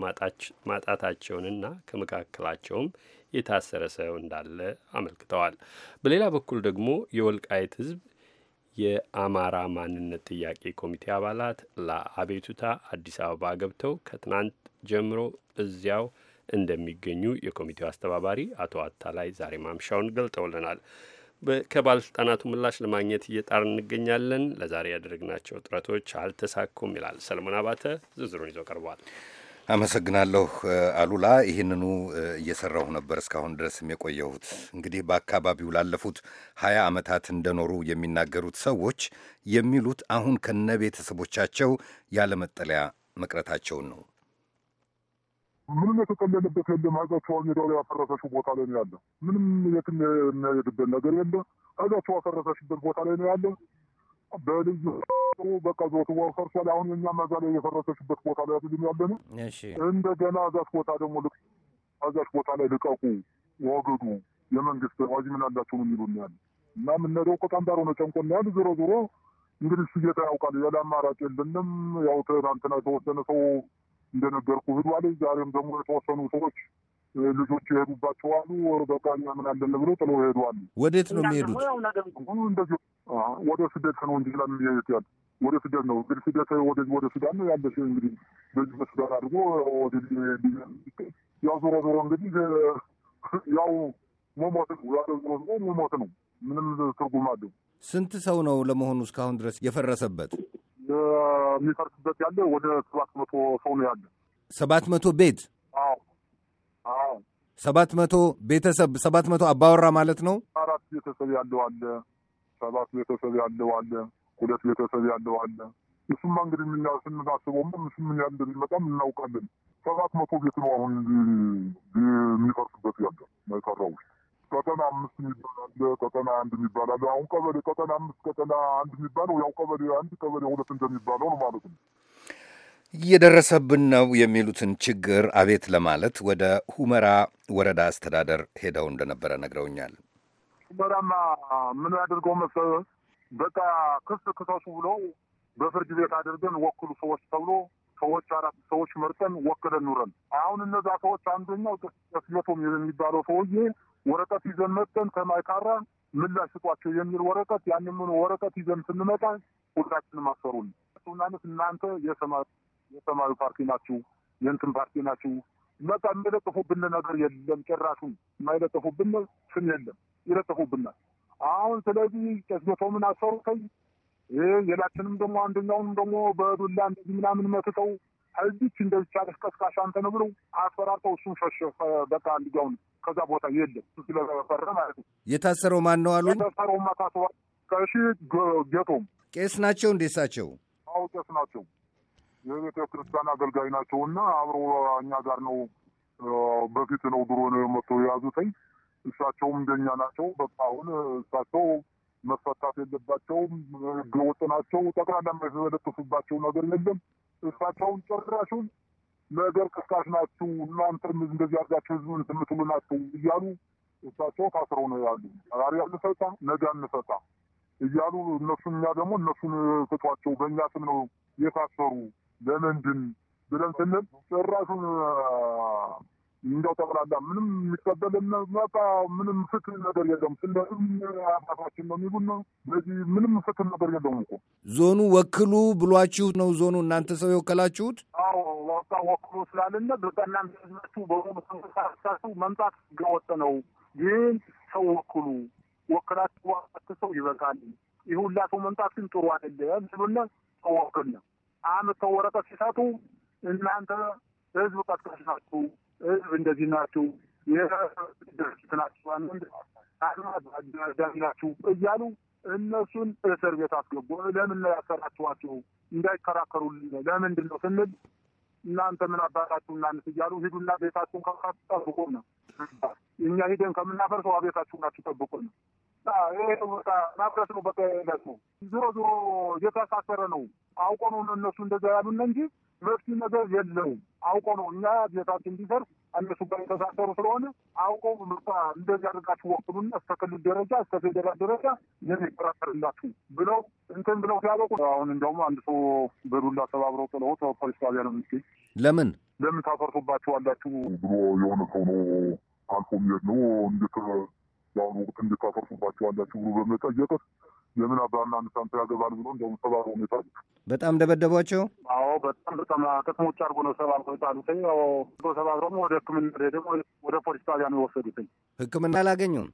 ማጣታቸውንና ከመካከላቸውም የታሰረ ሰው እንዳለ አመልክተዋል። በሌላ በኩል ደግሞ የወልቃይት ህዝብ የአማራ ማንነት ጥያቄ ኮሚቴ አባላት ለአቤቱታ አዲስ አበባ ገብተው ከትናንት ጀምሮ እዚያው እንደሚገኙ የኮሚቴው አስተባባሪ አቶ አታላይ ዛሬ ማምሻውን ገልጠውልናል። ከባለስልጣናቱ ምላሽ ለማግኘት እየጣር እንገኛለን። ለዛሬ ያደረግናቸው ጥረቶች አልተሳኩም ይላል ሰለሞን አባተ። ዝርዝሩን ይዞ ቀርቧል። አመሰግናለሁ አሉላ። ይህንኑ እየሰራሁ ነበር እስካሁን ድረስም የቆየሁት። እንግዲህ በአካባቢው ላለፉት ሀያ ዓመታት እንደኖሩ የሚናገሩት ሰዎች የሚሉት አሁን ከነ ቤተሰቦቻቸው ያለመጠለያ መቅረታቸውን ነው። ምንም የተቀለለበት የለም። ሀዛቸዋ ሜዳው ላይ ያፈረሰችው ቦታ ላይ ነው ያለ። ምንም የት የሚያሄድበት ነገር የለ። ሀዛቸው ያፈረሰችበት ቦታ ላይ ነው ያለ። በልዩ በቃ ዞትዋው ፈርሷል። አሁን የኛ መዛ ላይ የፈረሰችበት ቦታ ላይ ያሉ ያለ ነው። እንደገና ሀዛች ቦታ ደግሞ ል ሀዛች ቦታ ላይ ልቀቁ፣ ወግዱ፣ የመንግስት ዋጅ ምን አላቸው ነው የሚሉ ያለ እና የምንሄደው ቆጣንዳሮ ነው። ጨንቆ ጨንቆን ያሉ ዞሮ ዞሮ እንግዲህ እሱ ጌታ ያውቃል። ያለ አማራጭ የለንም። ያው ትናንትና የተወሰነ ሰው እንደነገርኩ ህዷል። ዛሬም ደግሞ የተወሰኑ ሰዎች ልጆች የሄዱባቸው አሉ። በቃ እኛ ምን አለን ብለው ጥለው ሄደዋል። ወዴት ነው የሚሄዱት? እንደዚህ ወደ ስደት ነው እንጂ ላም የሚሄዱት ያሉ ወደ ስደት ነው እንግዲህ ስደት ወደዚህ ወደ ሱዳን ነው ያለ እንግዲህ በዚህ በሱዳን አድርጎ ወደዚህ ያው ዞሮ ዞሮ እንግዲህ ያው መሞት ነው ያለ ዞሮ ዞሮ መሞት ነው። ምንም ትርጉም አለው። ስንት ሰው ነው ለመሆኑ እስካሁን ድረስ የፈረሰበት? የሚፈርስበት ያለ ወደ ሰባት መቶ ሰው ነው ያለ። ሰባት መቶ ቤት ሰባት መቶ ቤተሰብ ሰባት መቶ አባወራ ማለት ነው። አራት ቤተሰብ ያለው አለ፣ ሰባት ቤተሰብ ያለው አለ፣ ሁለት ቤተሰብ ያለው አለ። እሱማ እንግዲህ የምና ስናስበው ምስ ምን ያህል እንደሚመጣ እናውቃለን። ሰባት መቶ ቤት ነው አሁን የሚፈርስበት ያለ መሰራ ውስጥ ቀጠና አምስት የሚባል አለ፣ ቀጠና አንድ የሚባል አለ። አሁን ቀበሌ ቀጠና አምስት ቀጠና አንድ የሚባለው ያው ቀበሌ አንድ ቀበሌ ሁለት እንደሚባለው ነው ማለት ነው። እየደረሰብን ነው የሚሉትን ችግር አቤት ለማለት ወደ ሁመራ ወረዳ አስተዳደር ሄደው እንደነበረ ነግረውኛል። ሁመራማ ምን ያደርገው መሰለህ፣ በቃ ክስ ክሰሱ ብለው በፍርድ ቤት አድርገን ወክሉ ሰዎች ተብሎ ሰዎች አራት ሰዎች መርጠን ወክለን ኑረን አሁን እነዛ ሰዎች አንደኛው ስሜቶም የሚባለው ሰውዬ ወረቀት ይዘን መጥተን ከማይካራ ምላሽ ስጧቸው የሚል ወረቀት ያንን ወረቀት ይዘን ስንመጣ ሁላችንም አሰሩን። ሱናነት እናንተ የሰማዩ ፓርቲ ናችሁ፣ የእንትን ፓርቲ ናችሁ። በቃ የሚለጥፉብን ነገር የለም፣ ጭራሹን የማይለጥፉብን ስም የለም፣ ይለጥፉብናል። አሁን ስለዚህ ጨስቶምን አሰሩተኝ የላችንም ደግሞ አንደኛውንም ደግሞ በዱላ እንደዚህ ምናምን መትተው እዚች እንደብቻ ቀስቃሽ አንተ ነው ብለው አስፈራርተው እሱን ሸሸ። በቃ ልጃውን ከዛ ቦታ የለም ስለፈረ ማለት ነው። የታሰረው ማን ነው አሉ። የታሰረው ታስሯል። ከሺ ጌቶም ቄስ ናቸው እንዴ? እሳቸው አዎ ቄስ ናቸው። የቤተ ክርስቲያን አገልጋይ ናቸው። እና አብሮ እኛ ጋር ነው በፊት ነው ድሮ ነው የመጥተው የያዙተኝ እሳቸውም እንደኛ ናቸው። በቃ አሁን እሳቸው መፈታት የለባቸውም። ህገወጥ ናቸው። ጠቅላላ የተለጠፉባቸው ነገር የለም። እሳቸውን ጨራሹን ነገር ቅስቃሽ ናችሁ እናንተ እንደዚህ አርጋቸው ህዝብን ትምትሉ ናችሁ እያሉ እሳቸው ታስረው ነው ያሉ። ዛሬ አንፈታ ነገ አንፈታ እያሉ እነሱን እኛ ደግሞ እነሱን ፍቷቸው በእኛ ስም ነው የታሰሩ ለምንድን ብለን ስንል ጭራሹን እንደው ተብላላ ምንም የሚቀበልን መጣ ምንም ፍትህ ነገር የለም። ስለም አባታችን ነው የሚሉን ነው። ስለዚህ ምንም ፍትህ ነገር የለውም እኮ ዞኑ ወክሉ ብሏችሁ ነው ዞኑ እናንተ ሰው የወከላችሁት? አዎ ወቃ ወክሉ ስላለነ በቃ እናንተ ህዝባችሁ በሆኑ ሰሳሱ መምጣት ገወጥ ነው። ይህን ሰው ወክሉ ወክላችሁ ዋት ሰው ይበቃል። ይህ ሁላ መምጣት ግን ጥሩ አይደለም ብሉና ሰው ወክል ነው አምተው ወረቀት ሲሰጡ እናንተ ህዝብ ቀጥቀሽ ናችሁ ህዝብ እንደዚህ ናችሁ የድርጅት ናችሁ አንድ ናችሁ እያሉ እነሱን እስር ቤት አስገቡ። ለምን ነው ያሰራችኋቸው? እንዳይከራከሩልን ለምንድን ነው ስንል እናንተ ምን አባታችሁ እናንስ እያሉ ሂዱና ቤታችሁን ከካት ጠብቁ ነው እኛ ሂደን ከምናፈርሰው አቤታችሁ ናችሁ ጠብቁ ነው። ይሄ በቃ ማፍረስ ነው። በቃ ነው ዞሮ ዞሮ እየተሳሰረ ነው። አውቆ ነው እነሱ እንደዛ ያሉን እንጂ መፍት ነገር የለውም። አውቆ ነው እኛ ቤታችን እንዲደርስ እነሱ ጋር የተሳሰሩ ስለሆነ አውቆ ምርታ እንደዚህ አድርጋችሁ ወክሉና እስከ ክልል ደረጃ እስከ ፌዴራል ደረጃ የሚከራከርላችሁ ብለው እንትን ብለው ሲያበቁ አሁን እንደውም አንድ ሰው በዱላ ተባብረው ጥለውት ፖሊስ ጣቢያ ነው የሚገኝ። ለምን ለምን ታፈርሱባችሁ አላችሁ ብሎ የሆነ ሰው ነው አልፎ የሚሄድ ነው እንዴት በአሁኑ ወቅት እንዴት ታፈርሱባችሁ አላችሁ ብሎ በመጠየቅት የምን አባና ንሳንቶ ያገባል ብሎ እንደውም ሰባሮ ሁኔታ በጣም ደበደቧቸው። አዎ በጣም በጣም ከተሞች አድርጎ ነው ሰባብሮ የጣሉትኝ። ሰባብሮም ወደ ሕክምና ደግሞ ወደ ፖሊስ ጣቢያ ነው የወሰዱትኝ። ሕክምና አላገኙም።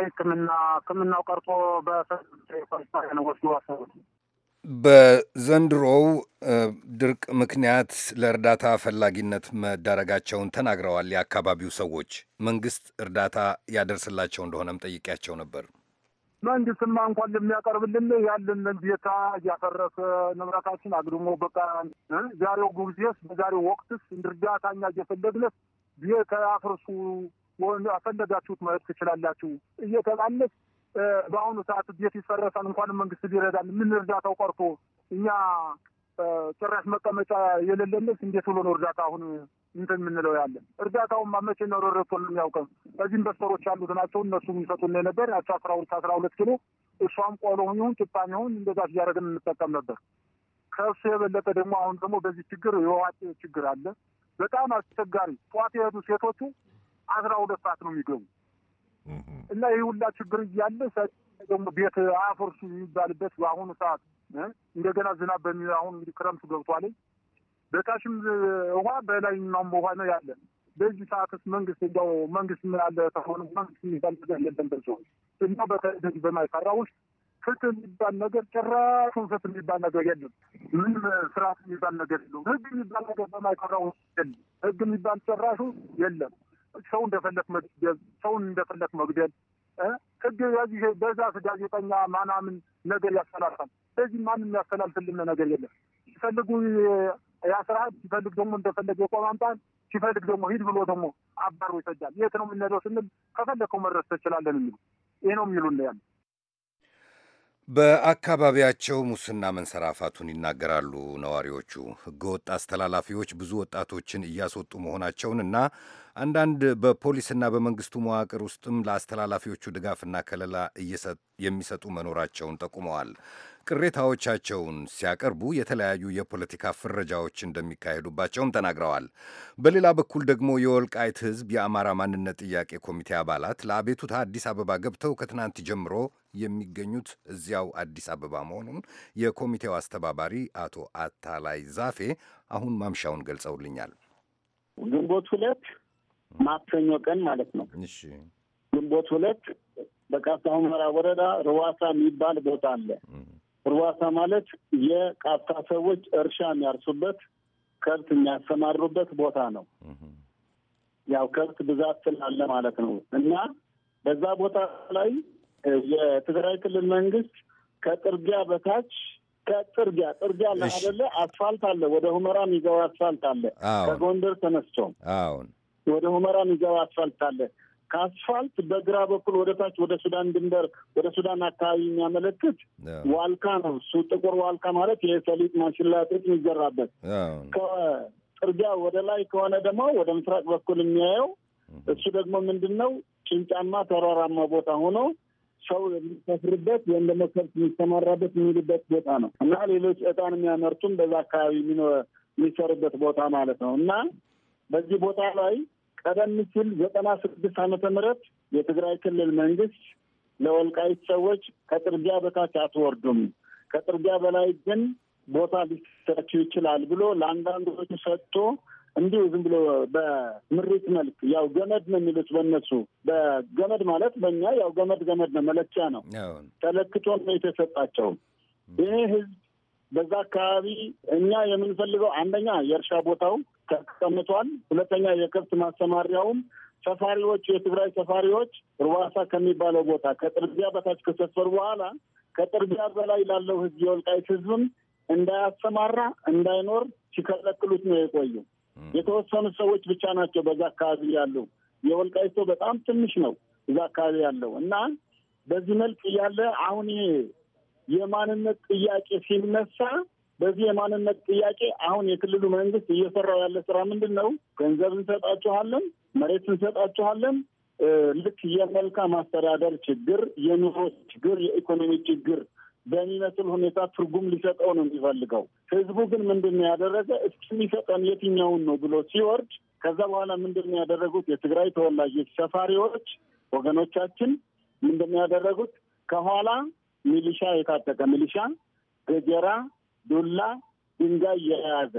ሕክምና ሕክምናው ቀርቶ በፖሊስ ጣቢያ ነው ወስዶ አሰሩት። በዘንድሮው ድርቅ ምክንያት ለእርዳታ ፈላጊነት መዳረጋቸውን ተናግረዋል የአካባቢው ሰዎች። መንግስት እርዳታ ያደርስላቸው እንደሆነም ጠይቄያቸው ነበር። መንግስትማ እንኳን ለሚያቀርብልን ያለን ቤታ እያፈረሰ ንብረታችን አግድሞ በቃ ዛሬው ጊዜስ በዛሬው ወቅትስ እርዳታኛ እየፈለግነት ቤት አፍርሱ አፈለጋችሁት መሄድ ትችላላችሁ እየተባለስ በአሁኑ ሰዓት ቤት ይፈረሳል። እንኳንም መንግስት ሊረዳል ምን እርዳታው ቀርቶ እኛ ጭራሽ መቀመጫ የሌለንስ እንዴት ብሎ ነው እርዳታ አሁን እንትን የምንለው ያለን እርዳታውማ መቼ ነው ረረቶል የሚያውቀም በዚህ ኢንቨስተሮች ያሉት ናቸው። እነሱም ይሰጡን የነበር ያቸው አስራ ሁለት አስራ ሁለት ኪሎ እሷም ቆሎ ይሁን ጭጣም ይሁን እንደዛ እያደረግን እንጠቀም ነበር። ከእሱ የበለጠ ደግሞ አሁን ደግሞ በዚህ ችግር የውሃ ችግር አለ። በጣም አስቸጋሪ ጠዋት የሄዱ ሴቶቹ አስራ ሁለት ሰዓት ነው የሚገቡ እና ይህ ሁላ ችግር እያለ ደግሞ ቤት አፈርሱ የሚባልበት በአሁኑ ሰዓት እንደገና ዝናብ በሚ አሁን እንግዲህ ክረምቱ ገብቷል በታሽም ውሃ በላይኛውም ውሃ ነው ያለ። በዚህ ሰዓትስ መንግስት እንዲያው መንግስት ምን አለ ከሆኑ መንግስት የሚባል ነገር የለም። በዚህ እንዲያው በተደግ በማይሰራ ውስጥ ፍትህ የሚባል ነገር ጭራሹን ፍትህ የሚባል ነገር የለም። ምንም ስርዓት የሚባል ነገር የለም። ህግ የሚባል ነገር በማይሰራ ውስጥ የለም። ህግ የሚባል ጭራሹ የለም። ሰው እንደፈለክ መግደል፣ ሰውን እንደፈለክ መግደል ህግ በዚህ በዛ ጋዜጠኛ ማናምን ነገር ያስተላልፋል። በዚህ ማንም ያስተላልፍልን ነገር የለም። ይፈልጉ ያስራል። ሲፈልግ ደግሞ እንደፈለገ የቆም አምጣን፣ ሲፈልግ ደግሞ ሂድ ብሎ ደግሞ አባሮ ይሰዳል። የት ነው የምንሄደው ስንል ከፈለግከው መድረስ ትችላለን የሚሉ ይህ ነው የሚሉ ያለ በአካባቢያቸው ሙስና መንሰራፋቱን ይናገራሉ ነዋሪዎቹ። ህገወጥ አስተላላፊዎች ብዙ ወጣቶችን እያስወጡ መሆናቸውንና አንዳንድ በፖሊስና በመንግስቱ መዋቅር ውስጥም ለአስተላላፊዎቹ ድጋፍና ከለላ የሚሰጡ መኖራቸውን ጠቁመዋል። ቅሬታዎቻቸውን ሲያቀርቡ የተለያዩ የፖለቲካ ፍረጃዎች እንደሚካሄዱባቸውም ተናግረዋል። በሌላ በኩል ደግሞ የወልቃይት ህዝብ የአማራ ማንነት ጥያቄ ኮሚቴ አባላት ለአቤቱታ አዲስ አበባ ገብተው ከትናንት ጀምሮ የሚገኙት እዚያው አዲስ አበባ መሆኑን የኮሚቴው አስተባባሪ አቶ አታላይ ዛፌ አሁን ማምሻውን ገልጸውልኛል። ግንቦት ሁለት ማክሰኞ ቀን ማለት ነው። እሺ ግንቦት ሁለት በቃፍታ ሁመራ ወረዳ ርዋሳ የሚባል ቦታ አለ። ርዋሳ ማለት የቃፍታ ሰዎች እርሻ የሚያርሱበት ከብት የሚያሰማሩበት ቦታ ነው። ያው ከብት ብዛት ስላለ ማለት ነው እና በዛ ቦታ ላይ የትግራይ ክልል መንግስት ከጥርጊያ በታች ከጥርጊያ ጥርጊያ አለ አይደለ? አስፋልት አለ። ወደ ሁመራ የሚገባ አስፋልት አለ። ከጎንደር ተነስቶ አሁን ወደ ሁመራ የሚገባ አስፋልት አለ። ከአስፋልት በግራ በኩል ወደ ታች ወደ ሱዳን ድንበር ወደ ሱዳን አካባቢ የሚያመለክት ዋልካ ነው። እሱ ጥቁር ዋልካ ማለት የሰሊጥ ማሽላ ጥጥ የሚዘራበት። ከጥርጊያ ወደ ላይ ከሆነ ደግሞ ወደ ምስራቅ በኩል የሚያየው እሱ ደግሞ ምንድን ነው ጭንጫማ ተራራማ ቦታ ሆኖ ሰው የሚሰፍርበት ወይም ደግሞ ከብት የሚሰማራበት የሚውልበት ቦታ ነው እና ሌሎች እጣን የሚያመርቱም በዛ አካባቢ የሚሰሩበት ቦታ ማለት ነው እና በዚህ ቦታ ላይ ቀደም ሲል ዘጠና ስድስት ዓመተ ምህረት የትግራይ ክልል መንግስት ለወልቃይት ሰዎች ከጥርጊያ በታች አትወርዱም፣ ከጥርጊያ በላይ ግን ቦታ ሊሰጣችሁ ይችላል ብሎ ለአንዳንዶቹ ሰጥቶ እንዲሁ ዝም ብሎ በምሬት መልክ ያው ገመድ ነው የሚሉት በእነሱ በገመድ ማለት በእኛ ያው ገመድ ገመድ ነው መለኪያ ነው ተለክቶ ነው የተሰጣቸው። ይሄ ህዝብ በዛ አካባቢ እኛ የምንፈልገው አንደኛ የእርሻ ቦታው ተቀምጧል፣ ሁለተኛ የከብት ማሰማሪያውም ሰፋሪዎች የትግራይ ሰፋሪዎች ርዋሳ ከሚባለው ቦታ ከጥርቢያ በታች ከሰፈሩ በኋላ ከጥርቢያ በላይ ላለው ህዝብ የወልቃይት ህዝብም እንዳያሰማራ እንዳይኖር ሲከለክሉት ነው የቆዩ። የተወሰኑ ሰዎች ብቻ ናቸው በዛ አካባቢ ያሉ። የወልቃይቶ በጣም ትንሽ ነው እዛ አካባቢ ያለው እና በዚህ መልክ እያለ አሁን ይሄ የማንነት ጥያቄ ሲነሳ በዚህ የማንነት ጥያቄ አሁን የክልሉ መንግስት እየሰራው ያለ ስራ ምንድን ነው? ገንዘብ እንሰጣችኋለን፣ መሬት እንሰጣችኋለን። ልክ የመልካም አስተዳደር ችግር፣ የኑሮ ችግር፣ የኢኮኖሚ ችግር በሚመስል ሁኔታ ትርጉም ሊሰጠው ነው የሚፈልገው። ህዝቡ ግን ምንድን ነው ያደረገ? እስኪ ሊሰጠን የትኛውን ነው ብሎ ሲወርድ ከዛ በኋላ ምንድን ነው ያደረጉት? የትግራይ ተወላጆች ሰፋሪዎች ወገኖቻችን ምንድን ነው ያደረጉት? ከኋላ ሚሊሻ የታጠቀ ሚሊሻ ገጀራ፣ ዱላ፣ ድንጋይ የያዘ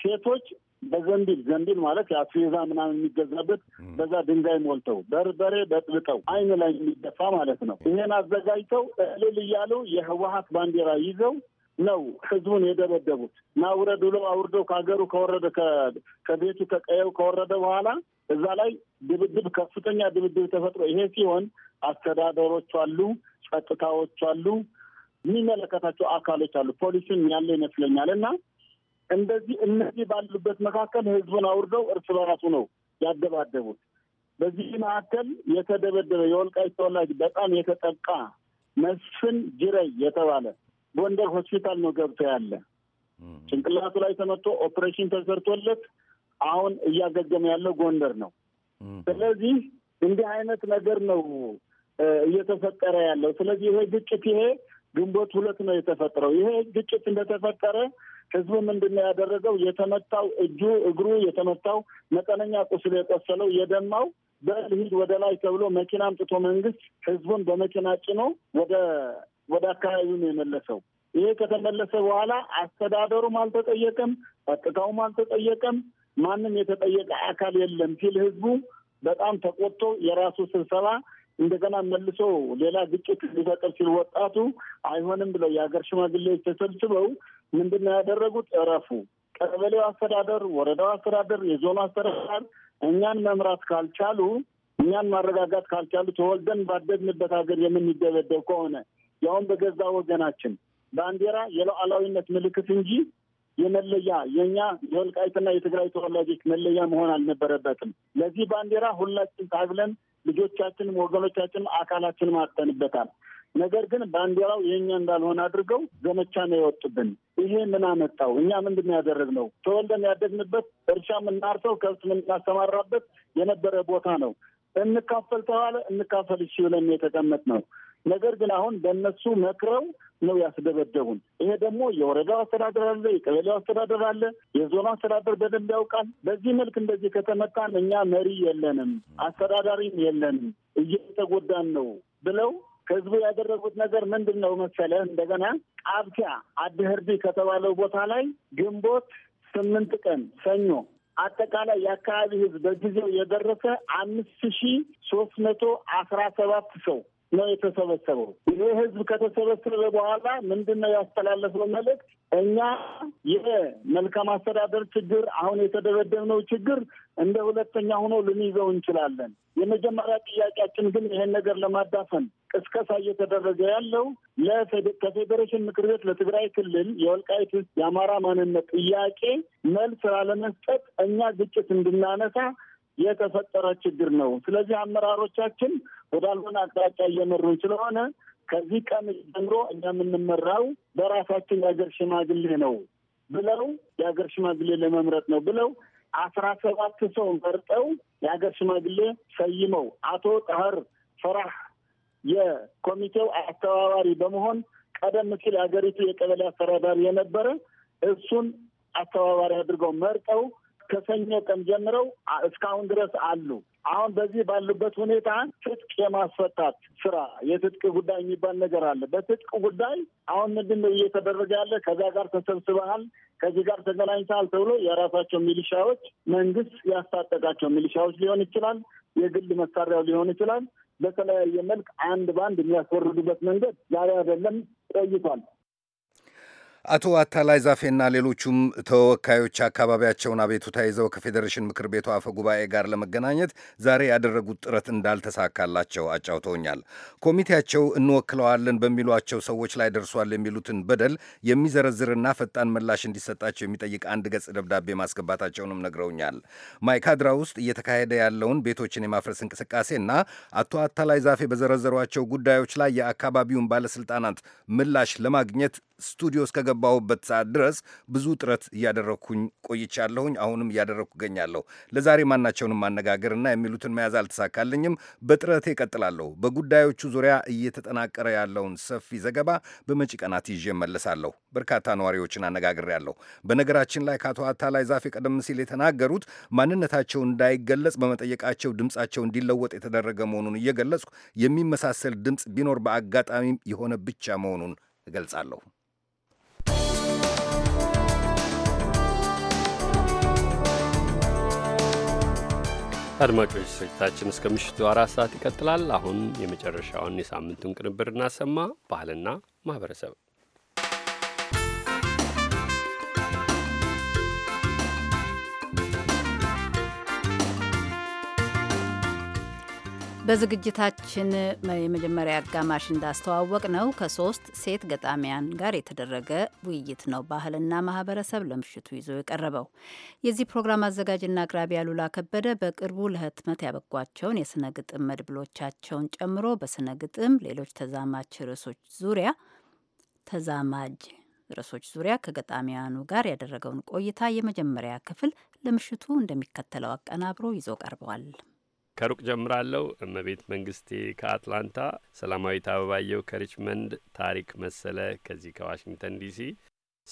ሴቶች በዘንቢል ዘንቢል ማለት አስቤዛ ምናምን የሚገዛበት በዛ ድንጋይ ሞልተው በርበሬ በጥብጠው አይን ላይ የሚደፋ ማለት ነው። ይሄን አዘጋጅተው እልል እያሉ የህወሀት ባንዲራ ይዘው ነው ህዝቡን የደበደቡት እና ውረድ ብሎ አውርደው ከሀገሩ ከወረደ ከቤቱ ከቀየው ከወረደ በኋላ እዛ ላይ ድብድብ ከፍተኛ ድብድብ ተፈጥሮ ይሄ ሲሆን አስተዳደሮች አሉ፣ ጸጥታዎች አሉ፣ የሚመለከታቸው አካሎች አሉ። ፖሊስም ያለ ይመስለኛል እና እንደዚህ እነዚህ ባሉበት መካከል ህዝቡን አውርደው እርስ በራሱ ነው ያደባደቡት። በዚህ መካከል የተደበደበ የወልቃይት ተወላጅ በጣም የተጠቃ መስፍን ጅረይ የተባለ ጎንደር ሆስፒታል ነው ገብቶ ያለ ጭንቅላቱ ላይ ተመቶ ኦፕሬሽን ተሰርቶለት አሁን እያገገመ ያለው ጎንደር ነው። ስለዚህ እንዲህ አይነት ነገር ነው እየተፈጠረ ያለው። ስለዚህ ይሄ ግጭት ይሄ ግንቦት ሁለት ነው የተፈጠረው። ይሄ ግጭት እንደተፈጠረ ህዝቡ ምንድን ነው ያደረገው? የተመታው እጁ እግሩ የተመታው መጠነኛ ቁስል የቆሰለው የደማው በል ሂድ ወደ ላይ ተብሎ መኪና አምጥቶ መንግስት ህዝቡን በመኪና ጭኖ ወደ ወደ አካባቢው ነው የመለሰው። ይሄ ከተመለሰ በኋላ አስተዳደሩም አልተጠየቀም፣ ጸጥታውም አልተጠየቀም፣ ማንም የተጠየቀ አካል የለም ሲል ህዝቡ በጣም ተቆጥቶ የራሱ ስብሰባ እንደገና መልሶ ሌላ ግጭት ሊፈጥር ሲል ወጣቱ አይሆንም ብለው የሀገር ሽማግሌዎች ተሰብስበው ምንድን ነው ያደረጉት? እረፉ። ቀበሌው አስተዳደር፣ ወረዳው አስተዳደር፣ የዞኑ አስተዳደር እኛን መምራት ካልቻሉ፣ እኛን ማረጋጋት ካልቻሉ ተወልደን ባደግንበት ሀገር የምንደበደብ ከሆነ ያውም በገዛ ወገናችን ባንዲራ የሉዓላዊነት ምልክት እንጂ የመለያ የእኛ የወልቃይትና የትግራይ ተወላጆች መለያ መሆን አልነበረበትም። ለዚህ ባንዲራ ሁላችን ታግለን ልጆቻችንም ወገኖቻችንም አካላችንም አጥተንበታል። ነገር ግን ባንዲራው የእኛ እንዳልሆነ አድርገው ዘመቻ ነው የወጡብን። ይሄ ምን አመጣው? እኛ ምንድን ነው ተወልደን ያደግንበት እርሻ የምናርሰው ከብት የምናሰማራበት የነበረ ቦታ ነው። እንካፈል ተባለ፣ እንካፈል እሺ ብለን የተቀመጥ ነው። ነገር ግን አሁን በእነሱ መክረው ነው ያስደበደቡን። ይሄ ደግሞ የወረዳው አስተዳደር አለ፣ የቀበሌው አስተዳደር አለ፣ የዞኑ አስተዳደር በደንብ ያውቃል። በዚህ መልክ እንደዚህ ከተመጣን እኛ መሪ የለንም፣ አስተዳዳሪም የለንም፣ እየተጎዳን ነው ብለው ህዝቡ ያደረጉት ነገር ምንድን ነው መሰለ? እንደገና ቃብቲያ አድህርቢ ከተባለው ቦታ ላይ ግንቦት ስምንት ቀን ሰኞ አጠቃላይ የአካባቢ ህዝብ በጊዜው የደረሰ አምስት ሺ ሶስት መቶ አስራ ሰባት ሰው ነው የተሰበሰበው። ይሄ ህዝብ ከተሰበሰበ በኋላ ምንድን ነው ያስተላለፈው መልእክት? እኛ የመልካም አስተዳደር ችግር አሁን የተደበደብነው ችግር እንደ ሁለተኛ ሆኖ ልንይዘው እንችላለን። የመጀመሪያ ጥያቄያችን ግን ይሄን ነገር ለማዳፈን ቅስቀሳ እየተደረገ ያለው ከፌዴሬሽን ምክር ቤት ለትግራይ ክልል የወልቃይት ሕዝብ የአማራ ማንነት ጥያቄ መልስ ላለመስጠት እኛ ግጭት እንድናነሳ የተፈጠረ ችግር ነው። ስለዚህ አመራሮቻችን ወዳልሆነ አቅጣጫ እየመሩን ስለሆነ ከዚህ ቀን ጀምሮ እኛ የምንመራው በራሳችን የሀገር ሽማግሌ ነው ብለው የሀገር ሽማግሌ ለመምረጥ ነው ብለው አስራ ሰባት ሰው መርጠው የሀገር ሽማግሌ ሰይመው አቶ ጠህር ፈራህ የኮሚቴው አስተባባሪ በመሆን ቀደም ሲል ሀገሪቱ የቀበሌ አስተዳዳሪ የነበረ እሱን አስተባባሪ አድርገው መርጠው ከሰኞ ቀን ጀምረው እስካሁን ድረስ አሉ። አሁን በዚህ ባሉበት ሁኔታ ትጥቅ የማስፈታት ስራ የትጥቅ ጉዳይ የሚባል ነገር አለ። በትጥቅ ጉዳይ አሁን ምንድን ነው እየተደረገ ያለ? ከዛ ጋር ተሰብስበሃል፣ ከዚህ ጋር ተገናኝተሃል ተብሎ የራሳቸው ሚሊሻዎች መንግስት ያስታጠቃቸው ሚሊሻዎች ሊሆን ይችላል፣ የግል መሳሪያው ሊሆን ይችላል በተለያየ መልክ አንድ በአንድ የሚያስወርዱበት መንገድ ዛሬ አይደለም ቆይቷል። አቶ አታላይ ዛፌና ሌሎቹም ተወካዮች አካባቢያቸውን አቤቱታ ይዘው ከፌዴሬሽን ምክር ቤቱ አፈ ጉባኤ ጋር ለመገናኘት ዛሬ ያደረጉት ጥረት እንዳልተሳካላቸው አጫውተውኛል። ኮሚቴያቸው እንወክለዋለን በሚሏቸው ሰዎች ላይ ደርሷል የሚሉትን በደል የሚዘረዝርና ፈጣን ምላሽ እንዲሰጣቸው የሚጠይቅ አንድ ገጽ ደብዳቤ ማስገባታቸውንም ነግረውኛል። ማይካድራ ውስጥ እየተካሄደ ያለውን ቤቶችን የማፍረስ እንቅስቃሴና አቶ አታላይ ዛፌ በዘረዘሯቸው ጉዳዮች ላይ የአካባቢውን ባለስልጣናት ምላሽ ለማግኘት ስቱዲዮ እስከገባሁበት ሰዓት ድረስ ብዙ ጥረት እያደረግኩኝ ቆይቻለሁኝ። አሁንም እያደረግኩ እገኛለሁ። ለዛሬ ማናቸውንም ማነጋገርና የሚሉትን መያዝ አልተሳካልኝም። በጥረቴ እቀጥላለሁ። በጉዳዮቹ ዙሪያ እየተጠናቀረ ያለውን ሰፊ ዘገባ በመጪ ቀናት ይዤ እመለሳለሁ። በርካታ ነዋሪዎችን አነጋግሬያለሁ። በነገራችን ላይ ከአቶ አታላይ ዛፌ ቀደም ሲል የተናገሩት ማንነታቸው እንዳይገለጽ በመጠየቃቸው ድምፃቸው እንዲለወጥ የተደረገ መሆኑን እየገለጽኩ የሚመሳሰል ድምፅ ቢኖር በአጋጣሚ የሆነ ብቻ መሆኑን እገልጻለሁ። አድማጮች ስርጭታችን እስከ ምሽቱ አራት ሰዓት ይቀጥላል። አሁን የመጨረሻውን የሳምንቱን ቅንብር እናሰማ። ባህልና ማህበረሰብ በዝግጅታችን የመጀመሪያ አጋማሽ እንዳስተዋወቅ ነው ከሶስት ሴት ገጣሚያን ጋር የተደረገ ውይይት ነው ባህልና ማህበረሰብ ለምሽቱ ይዞ የቀረበው። የዚህ ፕሮግራም አዘጋጅና አቅራቢ ያሉላ ከበደ በቅርቡ ለህትመት ያበቋቸውን የስነ ግጥም መድብሎቻቸውን ጨምሮ በስነ ግጥም፣ ሌሎች ተዛማች ርዕሶች ዙሪያ ተዛማጅ ርዕሶች ዙሪያ ከገጣሚያኑ ጋር ያደረገውን ቆይታ የመጀመሪያ ክፍል ለምሽቱ እንደሚከተለው አቀናብሮ ይዞ ቀርበዋል። ከሩቅ ጀምራለሁ። እመቤት መንግስቴ ከአትላንታ፣ ሰላማዊት አበባየው ከሪችመንድ፣ ታሪክ መሰለ ከዚህ ከዋሽንግተን ዲሲ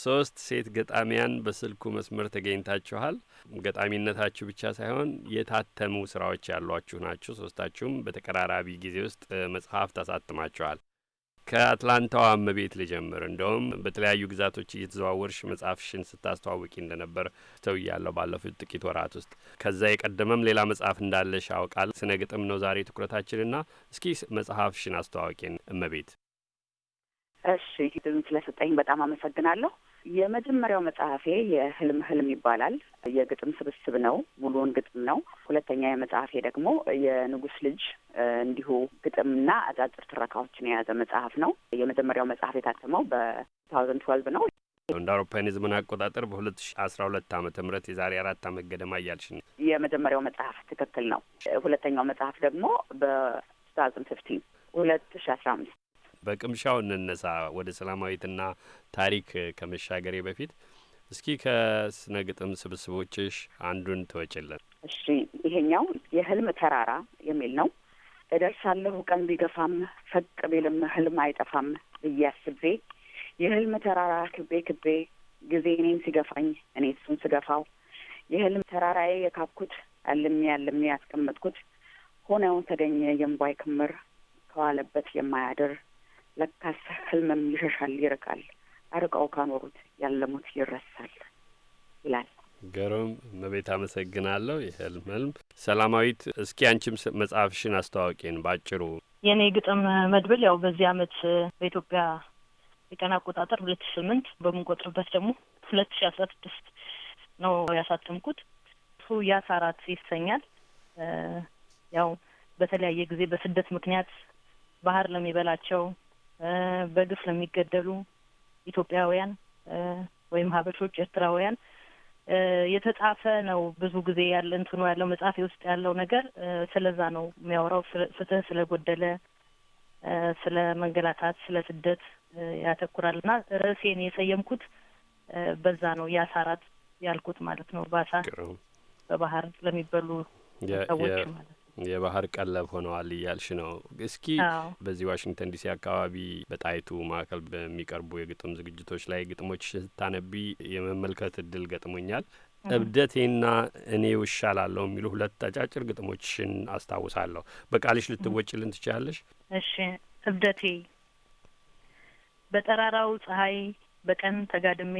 ሶስት ሴት ገጣሚያን በስልኩ መስመር ተገኝታችኋል። ገጣሚነታችሁ ብቻ ሳይሆን የታተሙ ስራዎች ያሏችሁ ናችሁ። ሶስታችሁም በተቀራራቢ ጊዜ ውስጥ መጽሐፍ ታሳትማችኋል። ከአትላንታዋ እመቤት ልጀምር። እንደውም በተለያዩ ግዛቶች እየተዘዋወርሽ መጽሐፍሽን ስታስተዋውቂ እንደነበር ሰው እያለሁ ባለፉት ጥቂት ወራት ውስጥ ከዛ የቀደመም ሌላ መጽሐፍ እንዳለሽ አውቃለሁ። ስነ ግጥም ነው ዛሬ ትኩረታችንና፣ እስኪ መጽሐፍሽን አስተዋወቂን እመቤት። እሺ፣ ድሉን ስለሰጠኝ በጣም አመሰግናለሁ። የመጀመሪያው መጽሐፌ የህልም ህልም ይባላል። የግጥም ስብስብ ነው፣ ሙሉውን ግጥም ነው። ሁለተኛ የመጽሐፌ ደግሞ የንጉስ ልጅ እንዲሁ ግጥምና አጫጭር ትረካዎችን የያዘ መጽሐፍ ነው። የመጀመሪያው መጽሐፍ የታተመው በታውዘንድ ትዌልቭ ነው እንደ አውሮፓውያን የዘመን አቆጣጠር በሁለት ሺ አስራ ሁለት ዓመተ ምህረት የዛሬ አራት አመት ገደማ እያልሽ ነው። የመጀመሪያው መጽሐፍ ትክክል ነው። ሁለተኛው መጽሐፍ ደግሞ በ ቱ ሁለት ሺ አስራ አምስት በቅምሻው እንነሳ። ወደ ሰላማዊትና ታሪክ ከመሻገሬ በፊት እስኪ ከስነ ግጥም ስብስቦችሽ አንዱን ትወጭልን። እሺ፣ ይሄኛው የህልም ተራራ የሚል ነው። እደርሳለሁ ቀን ቢገፋም ፈቅ ቢልም ህልም አይጠፋም ብዬ አስቤ የህልም ተራራ ክቤ ክቤ ጊዜ እኔን ሲገፋኝ እኔ እሱን ስገፋው የህልም ተራራዬ የካብኩት አልሜ አልሜ ያስቀመጥኩት ሆነው ተገኘ የእምቧይ ክምር ከዋለበት የማያድር ለካስ ህልምም ይሸሻል ይርቃል፣ አርቀው ካኖሩት ያለሙት ይረሳል ይላል። ገሩም እመቤት አመሰግናለሁ። የህልም ህልም ሰላማዊት፣ እስኪ አንቺም መጽሐፍሽን አስተዋወቂን ባጭሩ። የእኔ ግጥም መድብል ያው በዚህ አመት በኢትዮጵያ የቀን አቆጣጠር ሁለት ሺ ስምንት በምንቆጥርበት ደግሞ ሁለት ሺ አስራ ስድስት ነው ያሳተምኩት። እሱ ያሳራት ይሰኛል። ያው በተለያየ ጊዜ በስደት ምክንያት ባህር ለሚበላቸው በግፍ ለሚገደሉ ኢትዮጵያውያን ወይም ሀበሾች፣ ኤርትራውያን የተጻፈ ነው። ብዙ ጊዜ ያለ እንትኑ ያለው መጽሐፌ ውስጥ ያለው ነገር ስለዛ ነው የሚያወራው። ፍትህ ስለጎደለ፣ ስለ መንገላታት፣ ስለ ስደት ያተኩራል እና ርዕሴን የሰየምኩት በዛ ነው የአሳራት ያልኩት ማለት ነው። ባሳ በባህር ለሚበሉ ሰዎች ማለት ነው። የባህር ቀለብ ሆነዋል እያልሽ ነው። እስኪ በዚህ ዋሽንግተን ዲሲ አካባቢ በጣይቱ ማዕከል በሚቀርቡ የግጥም ዝግጅቶች ላይ ግጥሞች ስታነቢ የመመልከት እድል ገጥሞኛል። እብደቴና እኔ ውሻ ላለሁ የሚሉ ሁለት አጫጭር ግጥሞችን አስታውሳለሁ። በቃልሽ ልትወጭልን ትችላለሽ? እሺ። እብደቴ በጠራራው ፀሐይ በቀን ተጋድሜ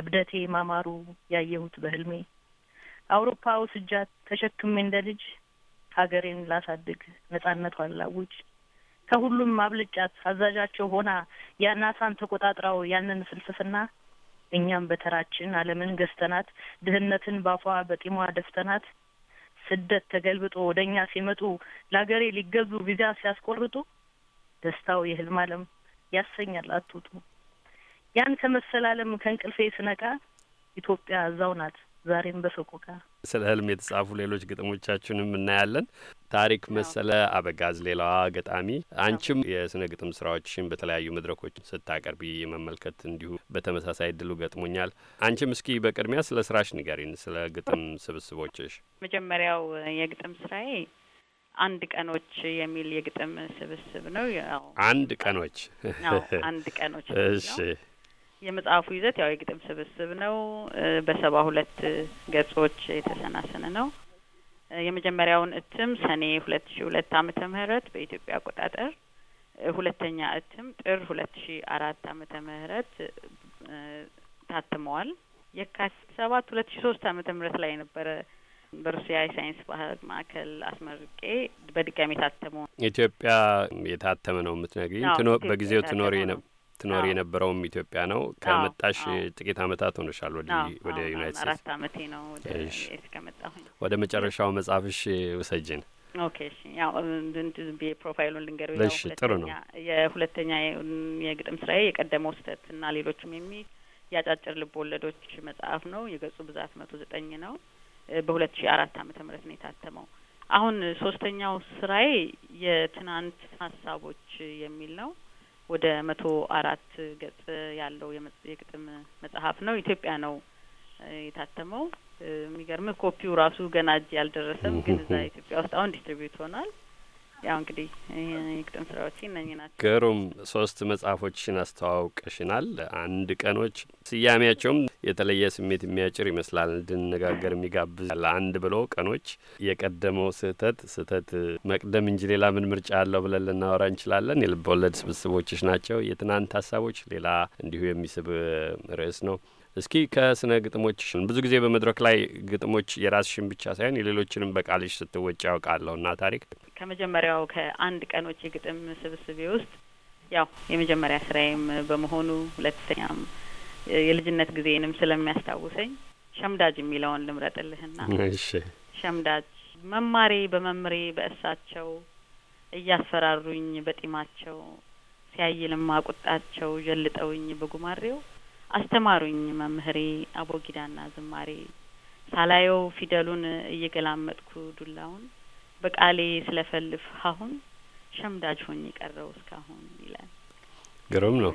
እብደቴ ማማሩ ያየሁት በህልሜ አውሮፓው ስጃት ተሸክሜ እንደ ልጅ ሀገሬን ላሳድግ፣ ነጻነቷን ላውጅ፣ ከሁሉም አብልጫት አዛዣቸው ሆና የአናሳን ተቆጣጥራው ያንን ፍልስፍና እኛም በተራችን ዓለምን ገዝተናት ድህነትን ባፏ በጢሟ ደፍተናት ስደት ተገልብጦ ወደ እኛ ሲመጡ ለአገሬ ሊገዙ ቪዛ ሲያስቆርጡ ደስታው የህልም ዓለም ያሰኛል አትውጡ ያን ከመሰላለም ከእንቅልፌ ስነቃ ኢትዮጵያ እዛው ናት። ዛሬም በሰቆቃ ስለ ህልም የተጻፉ ሌሎች ግጥሞቻችሁንም እናያለን። ታሪክ መሰለ አበጋዝ ሌላዋ ገጣሚ፣ አንቺም የስነ ግጥም ስራዎችን በተለያዩ መድረኮች ስታቀርቢ የመመልከት እንዲሁ በተመሳሳይ እድሉ ገጥሞኛል። አንቺም እስኪ በቅድሚያ ስለ ስራሽ ንገሪን፣ ስለ ግጥም ስብስቦችሽ። መጀመሪያው የግጥም ስራዬ አንድ ቀኖች የሚል የግጥም ስብስብ ነው። አንድ ቀኖች አንድ ቀኖች እሺ የመጽሐፉ ይዘት ያው የግጥም ስብስብ ነው። በሰባ ሁለት ገጾች የተሰናሰነ ነው። የመጀመሪያውን እትም ሰኔ ሁለት ሺ ሁለት አመተ ምህረት በኢትዮጵያ አቆጣጠር፣ ሁለተኛ እትም ጥር ሁለት ሺ አራት አመተ ምህረት ታትመዋል። የካቲት ሰባት ሁለት ሺ ሶስት አመተ ምህረት ላይ የነበረ በሩሲያ የሳይንስ ባህል ማዕከል አስመርቄ በድጋሚ ታተመ። ኢትዮጵያ የታተመ ነው የምትነግሪኝ? በጊዜው ትኖር ነው ትኖር የነበረውም ኢትዮጵያ ነው። ከመጣሽ ጥቂት አመታት ሆኖሻል ወደ ዩናይት ስቴትስ። አራት አመቴ ነው ከመጣሁኝ። ወደ መጨረሻው መጽሐፍሽ ውሰጅን። ኦኬ እሺ፣ ያው ብዬ ፕሮፋይሉን ልንገር። ጥሩ ነው። የሁለተኛ የግጥም ስራዬ የቀደመው ስህተት እና ሌሎችም የሚ ያጫጭር ልብ ወለዶች መጽሐፍ ነው። የገጹ ብዛት መቶ ዘጠኝ ነው። በሁለት ሺ አራት አመተ ምህረት ነው የታተመው። አሁን ሶስተኛው ስራዬ የትናንት ሀሳቦች የሚል ነው። ወደ መቶ አራት ገጽ ያለው የግጥም መጽሐፍ ነው። ኢትዮጵያ ነው የታተመው። የሚገርምህ ኮፒው ራሱ ገና እጅ ያልደረሰም፣ ግን እዛ ኢትዮጵያ ውስጥ አሁን ዲስትሪቢዩት ሆኗል። ያው እንግዲህ የግጥም ስራዎች እነኚህ ናቸው። ግሩም ሶስት መጽሐፎችሽን አስተዋውቀሽናል። አንድ ቀኖች ስያሜያቸውም የተለየ ስሜት የሚያጭር ይመስላል እንድንነጋገር የሚጋብዝ ለአንድ ብሎ ቀኖች የቀደመው ስህተት ስህተት መቅደም እንጂ ሌላ ምን ምርጫ አለው ብለን ልናወራ እንችላለን። የልብ ወለድ ስብስቦችሽ ናቸው። የትናንት ሀሳቦች ሌላ እንዲሁ የሚስብ ርዕስ ነው። እስኪ ከስነ ግጥሞችሽን ብዙ ጊዜ በመድረክ ላይ ግጥሞች የራስሽን ብቻ ሳይሆን የሌሎችንም በቃልሽ ስትወጭ ያውቃለሁ እና ታሪክ ከመጀመሪያው ከአንድ ቀኖች የግጥም ስብስቤ ውስጥ ያው የመጀመሪያ ስራዬም በመሆኑ ሁለተኛም የልጅነት ጊዜንም ስለሚያስታውሰኝ ሸምዳጅ የሚለውን ልምረጥልህና ሸምዳጅ መማሬ በመምሬ በእሳቸው እያስፈራሩኝ በጢማቸው ሲያይልማ ቁጣቸው ጀልጠውኝ በጉማሬው አስተማሩኝ መምህሬ አቦጊዳና ዝማሬ ሳላየው ፊደሉን እየገላመጥኩ ዱላውን በቃሌ ስለፈልፍ አሁን ሸምዳጅ ሆኝ ቀረው እስካሁን ይላል። ግሩም ነው።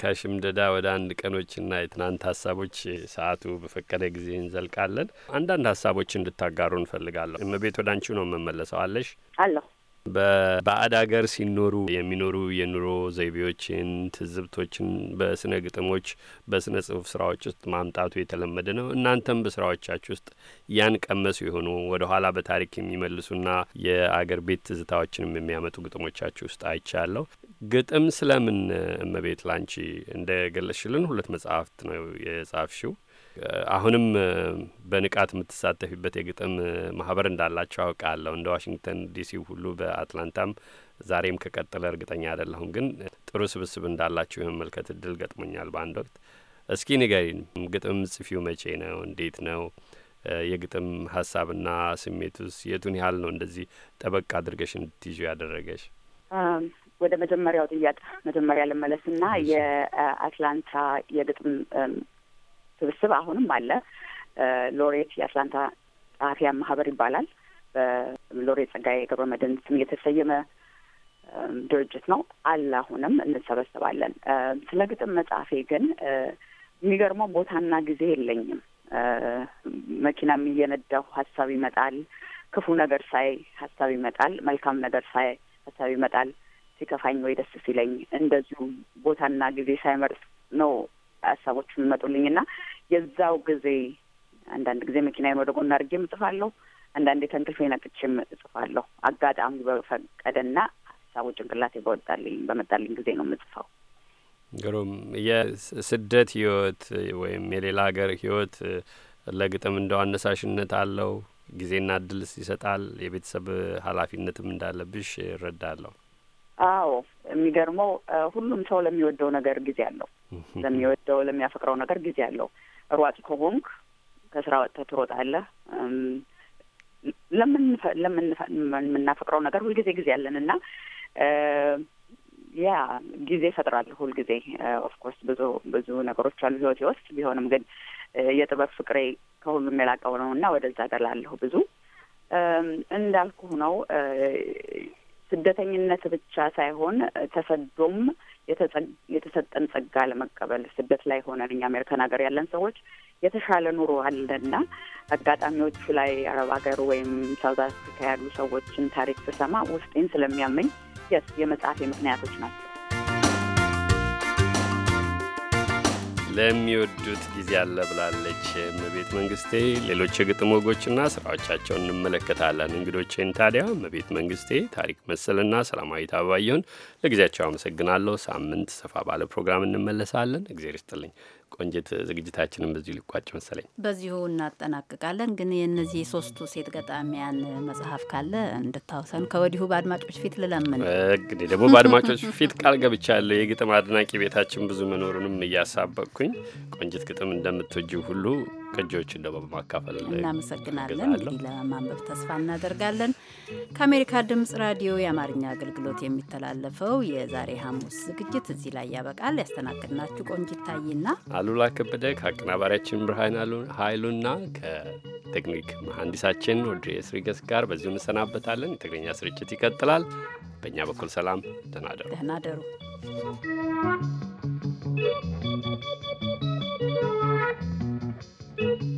ከሽምደዳ ወደ አንድ ቀኖችና የትናንት ሀሳቦች ሰዓቱ በፈቀደ ጊዜ እንዘልቃለን። አንዳንድ ሀሳቦች እንድታጋሩ እንፈልጋለሁ። እመቤት ወደ አንቺ ነው የምመለሰው። አለሽ አለሁ በባዕድ ሀገር ሲኖሩ የሚኖሩ የኑሮ ዘይቤዎችን፣ ትዝብቶችን በስነ ግጥሞች፣ በስነ ጽሁፍ ስራዎች ውስጥ ማምጣቱ የተለመደ ነው። እናንተም በስራዎቻችሁ ውስጥ ያን ቀመሱ የሆኑ ወደ ኋላ በታሪክ የሚመልሱና የአገር ቤት ትዝታዎችንም የሚያመጡ ግጥሞቻችሁ ውስጥ አይቻለሁ። ግጥም ስለምን እመቤት ላንቺ እንደ ገለሽልን ሁለት መጽሐፍት ነው የጻፍሽው አሁንም በንቃት የምትሳተፊበት የግጥም ማህበር እንዳላቸው አውቃለሁ። እንደ ዋሽንግተን ዲሲ ሁሉ በአትላንታም ዛሬም ከቀጠለ እርግጠኛ አይደለሁም፣ ግን ጥሩ ስብስብ እንዳላችሁ የመመልከት እድል ገጥሞኛል በአንድ ወቅት። እስኪ ንገሪን፣ ግጥም ጽፊው መቼ ነው? እንዴት ነው የግጥም ሀሳብና ስሜቱስ የቱን ያህል ነው እንደዚህ ጠበቅ አድርገሽ እንድትይዙ ያደረገሽ? ወደ መጀመሪያው ጥያቄ መጀመሪያ ልመለስና የአትላንታ የግጥም ስብስብ አሁንም አለ። ሎሬት የአትላንታ ጸሐፊያን ማህበር ይባላል። በሎሬት ጸጋዬ ገብረመድህን ስም የተሰየመ ድርጅት ነው አለ። አሁንም እንሰበሰባለን። ስለ ግጥም መጽሐፌ ግን የሚገርመው ቦታና ጊዜ የለኝም። መኪናም እየነዳሁ ሀሳብ ይመጣል። ክፉ ነገር ሳይ ሀሳብ ይመጣል። መልካም ነገር ሳይ ሀሳብ ይመጣል። ሲከፋኝ ወይ ደስ ሲለኝ እንደዚሁ ቦታና ጊዜ ሳይመርጥ ነው ሀሳቦች የሚመጡልኝ እና የዛው ጊዜ አንዳንድ ጊዜ መኪና ወደ ጎን አድርጌም እጽፋለሁ። አንዳንዴ ተንቅልፌ ነቅቼም እጽፋለሁ። አጋጣሚ በፈቀደና ሀሳቡ ጭንቅላቴ በወጣልኝ በመጣልኝ ጊዜ ነው የምጽፈው። ግሩም የስደት ህይወት ወይም የሌላ ሀገር ህይወት ለግጥም እንደው አነሳሽነት አለው። ጊዜና እድልስ ይሰጣል። የቤተሰብ ኃላፊነትም እንዳለብሽ እረዳለሁ። አዎ፣ የሚገርመው ሁሉም ሰው ለሚወደው ነገር ጊዜ አለው። ለሚወደው ለሚያፈቅረው ነገር ጊዜ አለው። ሯጭ ከሆንክ ከስራ ወጥተህ ትሮጣለህ። ለምናፈቅረው ነገር ሁልጊዜ ጊዜ አለን እና ያ ጊዜ ፈጥራል። ሁልጊዜ። ኦፍኮርስ ብዙ ብዙ ነገሮች አሉ ህይወቴ ውስጥ ቢሆንም ግን የጥበብ ፍቅሬ ከሁሉም የላቀው ነው እና ወደዛ ገላለሁ ብዙ እንዳልኩ ነው። ስደተኝነት ብቻ ሳይሆን ተሰዶም የተሰጠን ጸጋ ለመቀበል ስደት ላይ ሆነን እኛ አሜሪካን ሀገር ያለን ሰዎች የተሻለ ኑሮ አለና አጋጣሚዎቹ ላይ አረብ ሀገር ወይም ሳውዝ አፍሪካ ያሉ ሰዎችን ታሪክ ስሰማ ውስጤን ስለሚያመኝ የስ የመጽሐፌ ምክንያቶች ናቸው። ለሚወዱት ጊዜ አለ ብላለች እመቤት መንግስቴ። ሌሎች የግጥም ወጎችና ስራዎቻቸውን እንመለከታለን። እንግዶችን ታዲያ እመቤት መንግስቴ፣ ታሪክ መሰልና ሰላማዊት አበባየሁን ለጊዜያቸው አመሰግናለሁ። ሳምንት ሰፋ ባለ ፕሮግራም እንመለሳለን። እግዜር ይስጥልኝ። ቆንጅት፣ ዝግጅታችንም በዚሁ ሊቋጭ መሰለኝ። በዚሁ እናጠናቅቃለን። ግን የእነዚህ የሶስቱ ሴት ገጣሚያን መጽሐፍ ካለ እንድታውሰን ከወዲሁ በአድማጮች ፊት ልለምን። እንግዲህ ደግሞ በአድማጮች ፊት ቃል ገብቻለሁ የግጥም አድናቂ ቤታችን ብዙ መኖሩንም እያሳበቅኩኝ ቆንጀት ግጥም እንደምትወጂው ሁሉ ቅጂዎችን ደግሞ በማካፈል እናመሰግናለን። እንግዲህ ለማንበብ ተስፋ እናደርጋለን። ከአሜሪካ ድምጽ ራዲዮ የአማርኛ አገልግሎት የሚተላለፈው የዛሬ ሐሙስ ዝግጅት እዚህ ላይ ያበቃል። ያስተናግድናችሁ ቆንጅ ታይና አሉላ ከበደ ከአቀናባሪያችን ብርሃን ኃይሉና ከቴክኒክ መሐንዲሳችን ኦድሬስ ሪገስ ጋር በዚሁ እንሰናበታለን። የትግርኛ ስርጭት ይቀጥላል። በእኛ በኩል ሰላም፣ ደህና ደሩ። thank you